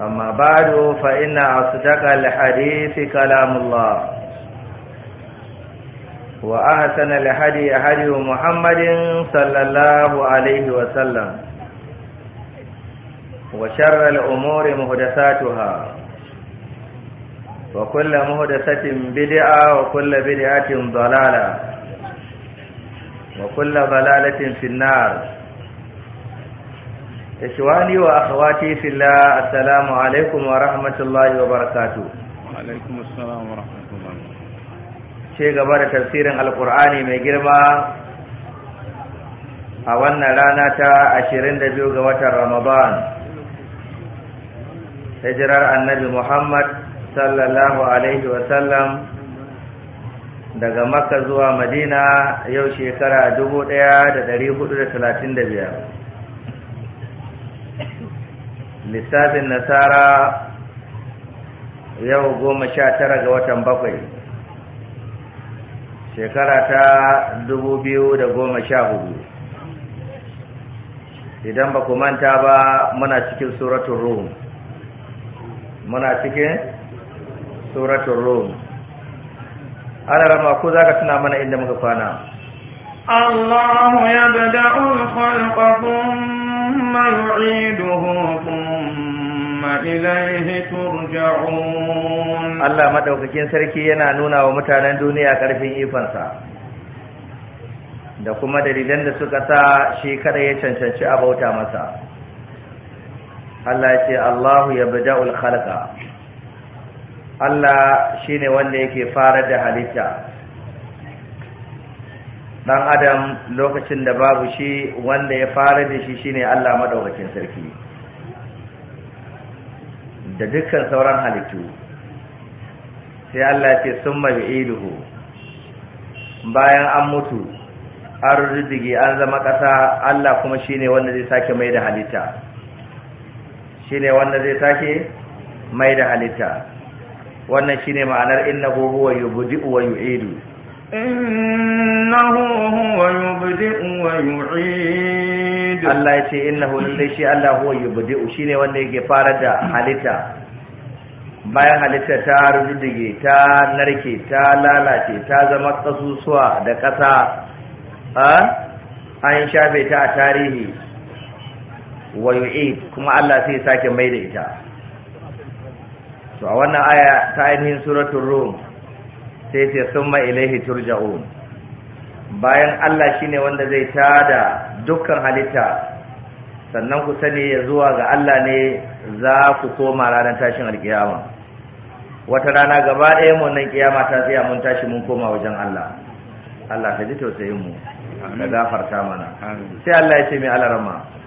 أما بعد فإن أصدق الحديث كلام الله وأحسن الحدي هدي محمد صلى الله عليه وسلم وشر الأمور محدثاتها وكل محدثة بدعة وكل بدعة ضلالة وكل ضلالة في النار ikhwani wa akhawati fillah assalamu alaikum wa rahmatullahi wa barakatuh wa alaikum assalam wa rahmatullahi ce gaba da tafsirin al alqur'ani mai girma a wannan rana ta 22 ga watan ramadan hijrar annabi muhammad sallallahu alaihi wa sallam daga makka zuwa madina yau shekara 1435 lissafin nasara yau goma sha tara ga watan bakwai shekara ta dubu biyu da goma sha hudu idan ba ku manta ba muna cikin suratun rum muna cikin suratun rum ana rama ku za ka tuna mana inda muka kwana Allah ya bada ulkhalqa ثم يعيده ثم إليه ترجعون الله كين سركي yana nuna wa mutanen duniya karfin ifansa da kuma dalilan da suka sa shi kada ya cancanci a bauta masa Allah ce Allahu yabda'ul khalqa Allah shine wanda yake fara da halitta dan adam lokacin da babu shi wanda ya fara da shi shine Allah madaukakin sarki da dukkan sauran halittu sai Allah ce summa bi'iduhu bayan an mutu an rudige an zama ƙasa Allah kuma shine wanda zai sake mai da halitta shine wanda zai sake mai da halitta wannan shine ma'anar innahu huwa yubdi'u wa yu'idu innahu huwa yubdi'u wa yu'id Allah ya ce innahu lillahi shi Allah huwa yubdi'u shine wanda yake fara da halitta bayan halitta ta rudige ta narke ta lalace ta zama kasusuwa da kasa a an shafe ta a tarihi wa yu'id kuma Allah sai ya sake da ita to a wannan aya ta ainihin suratul rum sai ce summa ilaihi turja'un bayan Allah shine wanda zai da dukkan halitta sannan ku sani ya zuwa ga Allah ne za ku koma ranar tashin alkiyama wata rana gaba ɗaya mu nan kiyama ta tsaya mun tashi mun koma wajen Allah Allah ka ji tausayin mu ka gafarta mana sai Allah ya ce mai alarama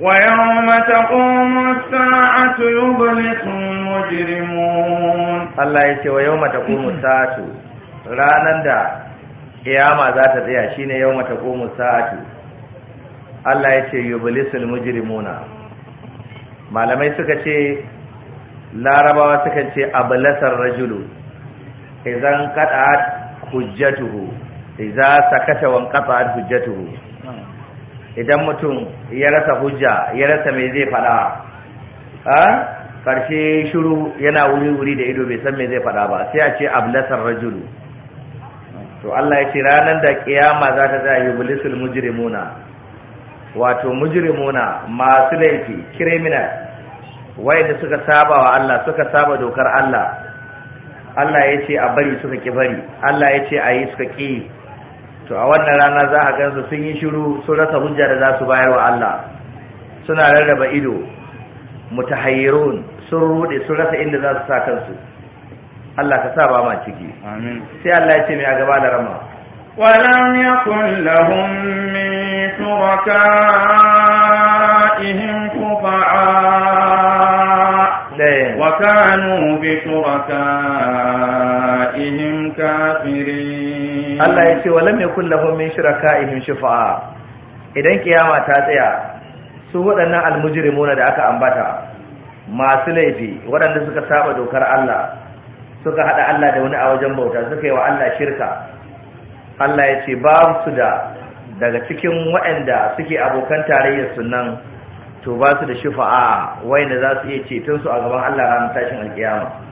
ويوم تقوم الساعة يبلس المجرمون الله يتي ويوم تقوم الساعة ranan da kiyama za ta tsaya shine yawma taqumu sa'atu Allah yace yublisul mujrimuna malamai suka ce larabawa suka ce ablasar rajulu idan qata'at hujjatuhu idza sakata wa qata'at hujjatuhu idan mutum ya rasa hujja ya rasa mai zai fada a karshe shiru yana wuri-wuri da ido bai san mai zai fada ba sai a ce ablasar rajulu to Allah ya ce ranar da kiyama za ta yi bulisul mujrimuna wato mujrimuna masu laifi criminal wayanda suka saba wa Allah suka saba dokar Allah Allah ya ce a bari suka ki bari Allah ya ce a yi suka ki to a wannan rana za a gansu sun yi shiru sun rasa hujja da za su bayar wa Allah suna rarraba ido mutahayyirun sun rude sun rasa inda za su sa kansu Allah ka sa ba ma ciki amin sai Allah ya ce mai a gaba da rama ولم يكن لهم من شركائهم شفعاء وكانوا بشركائهم كافرين Allah ya ce walam yakul lahum min shuraka'ihim shufa'a idan kiyama ta tsaya su waɗannan almujrimuna da aka ambata masu laifi waɗanda suka saba dokar Allah suka hada Allah da wani a wajen bauta suka yi wa Allah shirka Allah ya ce ba su da daga cikin waɗanda suke abokan tarayyar sunan to ba su da shufa'a wayanda za su iya ceton su a gaban Allah ranar tashin alkiyama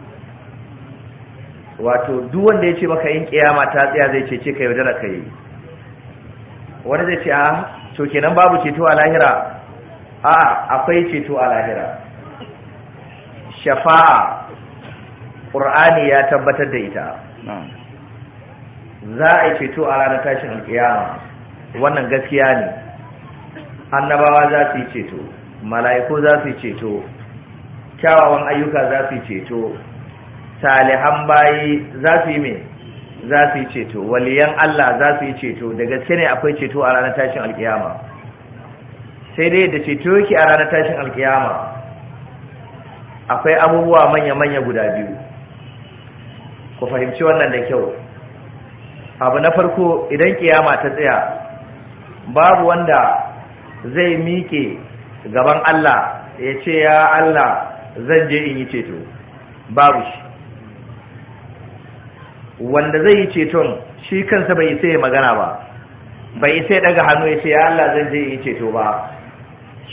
wato duk wanda ya ce maka yin kiyama ta tsaya zai ce ce ka yaudara kai. yi wani zai ce a to kenan babu ceto a lahira a akwai ceto a lahira shafa'a ƙur'ani ya tabbatar da ita za a yi ceto a ranar tashin alƙiyama wannan gaskiya ne annabawa za su yi ceto mala'iku za su yi ceto kyawawan ayyuka za su yi ceto salihan bayi za su yi me za su yi ceto waliyan Allah za su yi ceto da gaske ne akwai ceto a ranar tashin alkiyama sai dai da ceto yake a ranar tashin alkiyama akwai abubuwa manya-manya guda biyu ku fahimci wannan da kyau abu na farko idan kiyama ta tsaya babu wanda zai miƙe gaban Allah ya ce ya Allah zan je in yi ceto babu shi wanda zai yi ceton shi kansa bai isa ya magana ba bai isa ya daga hannu ya ce ya Allah zan je yi ceto ba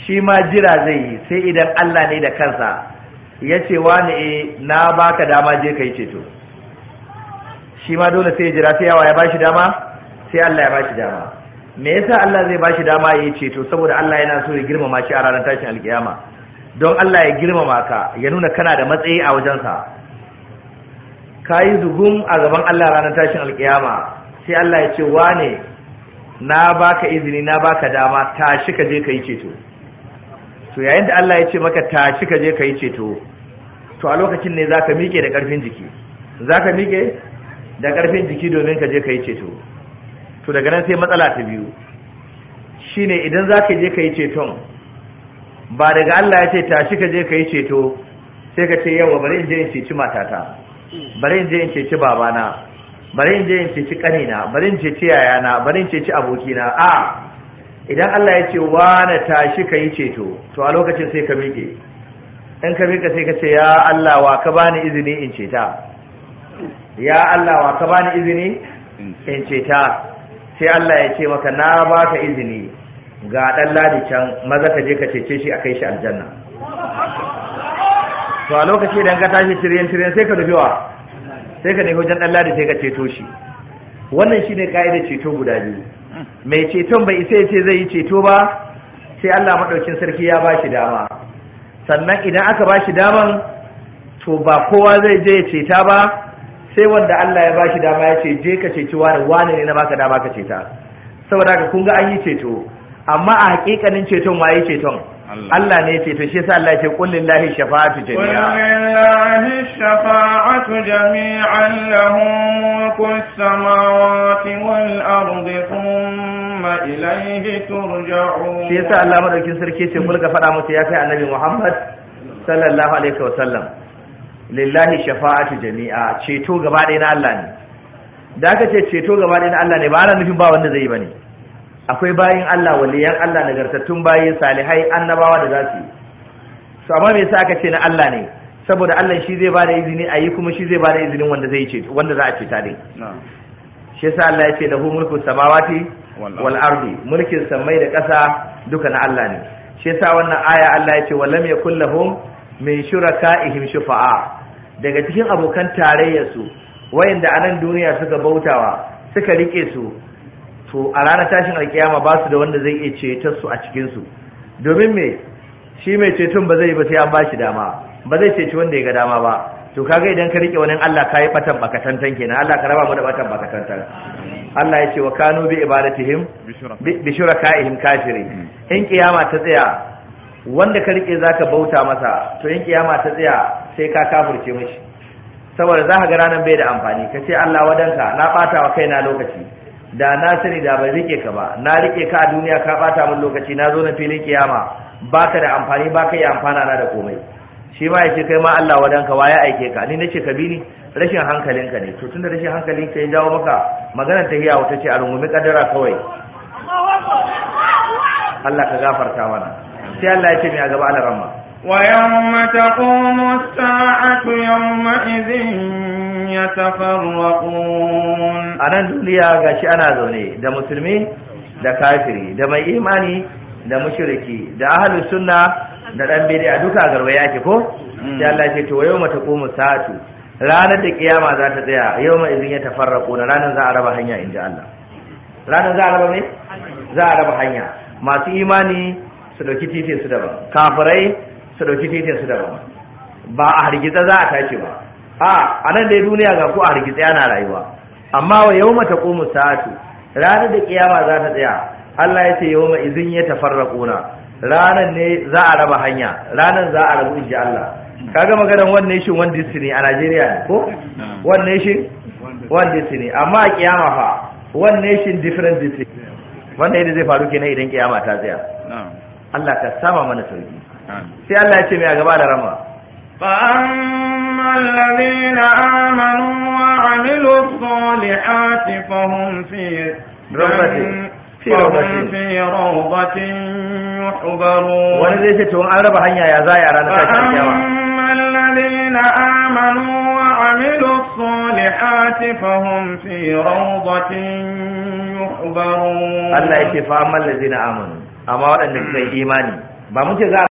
shi ma jira zai yi sai idan Allah ne da kansa ya ce wani e eh, na baka dama je ka yi ceto shi ma dole sai jira sai yawa ya bashi dama sai Allah ya bashi dama me yasa Allah zai bashi dama ya yi ceto saboda Allah yana so ya girmama shi a ranar tashin alkiyama don Allah ya girmama ka ya nuna kana da matsayi a wajensa kayi zugum a gaban Allah ranar tashin alkiyama sai Allah ya ce wane na baka izini na baka dama tashi ka je ka yi ceto to yayin da Allah ya ce maka tashi ka je ka yi ceto to a lokacin ne zaka miƙe da ƙarfin jiki zaka miƙe da ƙarfin jiki domin ka je ka yi ceto to daga nan sai matsala ta biyu shine idan zaka je ka yi ceton ba daga Allah ya ce tashi ka je ka yi ceto sai ka ce yawa bari in je in ceci matata bari in je in ceci babana bari in je in ceci kanina bari in ceci yayana bari in ceci abokina a idan Allah ya ce na tashi ka yi ceto to a lokacin sai ka miƙe in ka miƙe sai ka ce ya Allah wa ka bani izini in ceta ya Allah wa ka bani izini in ceta sai Allah ya ce maka na ka izini ga ɗan ladi can maza ka je ka cece shi a kai shi aljanna to a lokaci idan ka tashi tiriyan-tiriyan sai ka nufi wa sai ka nufi wajen Allah da sai ka ceto shi wannan shine ka'idar ceto guda biyu mai ceton bai isa ce zai yi ceto ba sai Allah madaukin sarki ya ba shi dama sannan idan aka ba shi daman to ba kowa zai je ya ceta ba sai wanda Allah ya ba shi dama ya ce je ka ceci wani wani ne na baka dama ka ceta saboda haka kun ga an yi ceto amma a hakikanin ceton waye ceton Allah ne ce to shi yasa Allah ce kullu lillahi shafa'atu jami'a qul lillahi shafa'atu jami'an lahum mulku samawati wal ardi thumma ilayhi turja'un shi yasa Allah madaukin sarki ce mulka fada faɗa musu ya kai annabi Muhammad sallallahu alaihi wa sallam lillahi shafa'atu jami'a ceto gaba ɗaya na Allah ne da aka ce ceto gaba ɗaya na Allah ne ba ana nufin ba wanda zai yi bane akwai bayin Allah waliyan Allah nagartattun bayin salihai annabawa da za su yi amma me yasa aka ce na Allah ne saboda Allah shi zai bada izini a yi kuma shi zai bada izinin wanda zai ce wanda za a ce ta dai shi yasa Allah ya ce lahu mulku samawati wal ardi mulkin samai da ƙasa duka na Allah ne shi yasa wannan aya Allah ya ce walam yakul lahum min shuraka'ihim shufa'a daga cikin abokan tarayyarsu wayanda a nan duniya suka bautawa suka rike su to a ranar tashin alkiyama ba su da wanda zai iya cetar su a cikinsu. su domin me shi mai ceton ba zai ba sai an ba shi dama ba zai ceci wanda ya ga dama ba to kaga idan ka rike wani Allah ka yi batan bakatantan kenan Allah ka raba mu da batan bakatantan Allah ya ce wa kanu bi ibadatihim bi shurakaihim kafiri hmm. in kiyama ta tsaya wanda ka rike zaka bauta masa to in kiyama ta tsaya sai ka kafirce mishi saboda za ka ga ranan bai da amfani ka ce Allah wadanka na bata wa kaina lokaci da na sani da ban rike ka ba na rike ka a duniya ka bata min lokaci na zo na filin kiyama baka da amfani baka yi amfana na da komai shi ma ce kai ma Allah ka ya aike ka ni nace ka bi ni rashin hankalinka ne to tunda rashin hankalinka ya jawo maka magana ta hiya wata ce a rungumi kaddara kawai Allah ka gafarta mana sai Allah ya ce mai a gaba alaramma wa yawma taqumu as-sa'atu yawma idhin yatafarraqun a nan duniya gashi ana zaune da musulmi da kafiri da mai imani da mushriki da ahlus sunna da dan bid'a duka garwa yake ko da mm. Allah ce to yau mata qumu sa'atu ranar da kiyama za ta tsaya yau mai izin ya na ranar za a raba hanya ji Allah ranar za a raba ne za a raba hanya masu imani su dauki titin su daban kafirai su dauki titin su daban ba a hargitsa za a tashi ba a a nan dai duniya ga ku a rikice ana rayuwa amma wa mata taqumu sa'atu ranar da kiyama za ta tsaya Allah ya ce yawma izin ya tafarraquna ranar ne za a raba hanya ranar za a rabu inji Allah kaga maganar one nation one destiny a Najeriya ne ko one nation one destiny amma a kiyama fa one nation different destiny wannan yadda zai faru kenan idan kiyama ta tsaya Allah ka sama mana sauki sai Allah ya ce mai a gaba da rama فأما الذين آمنوا وعملوا الصالحات فهم في روضة يحبرون فأما الذين آمنوا وعملوا الصالحات فهم في روضة يحبرون الله يشفى الذين آمنوا أما وأن الإيمان ba muke za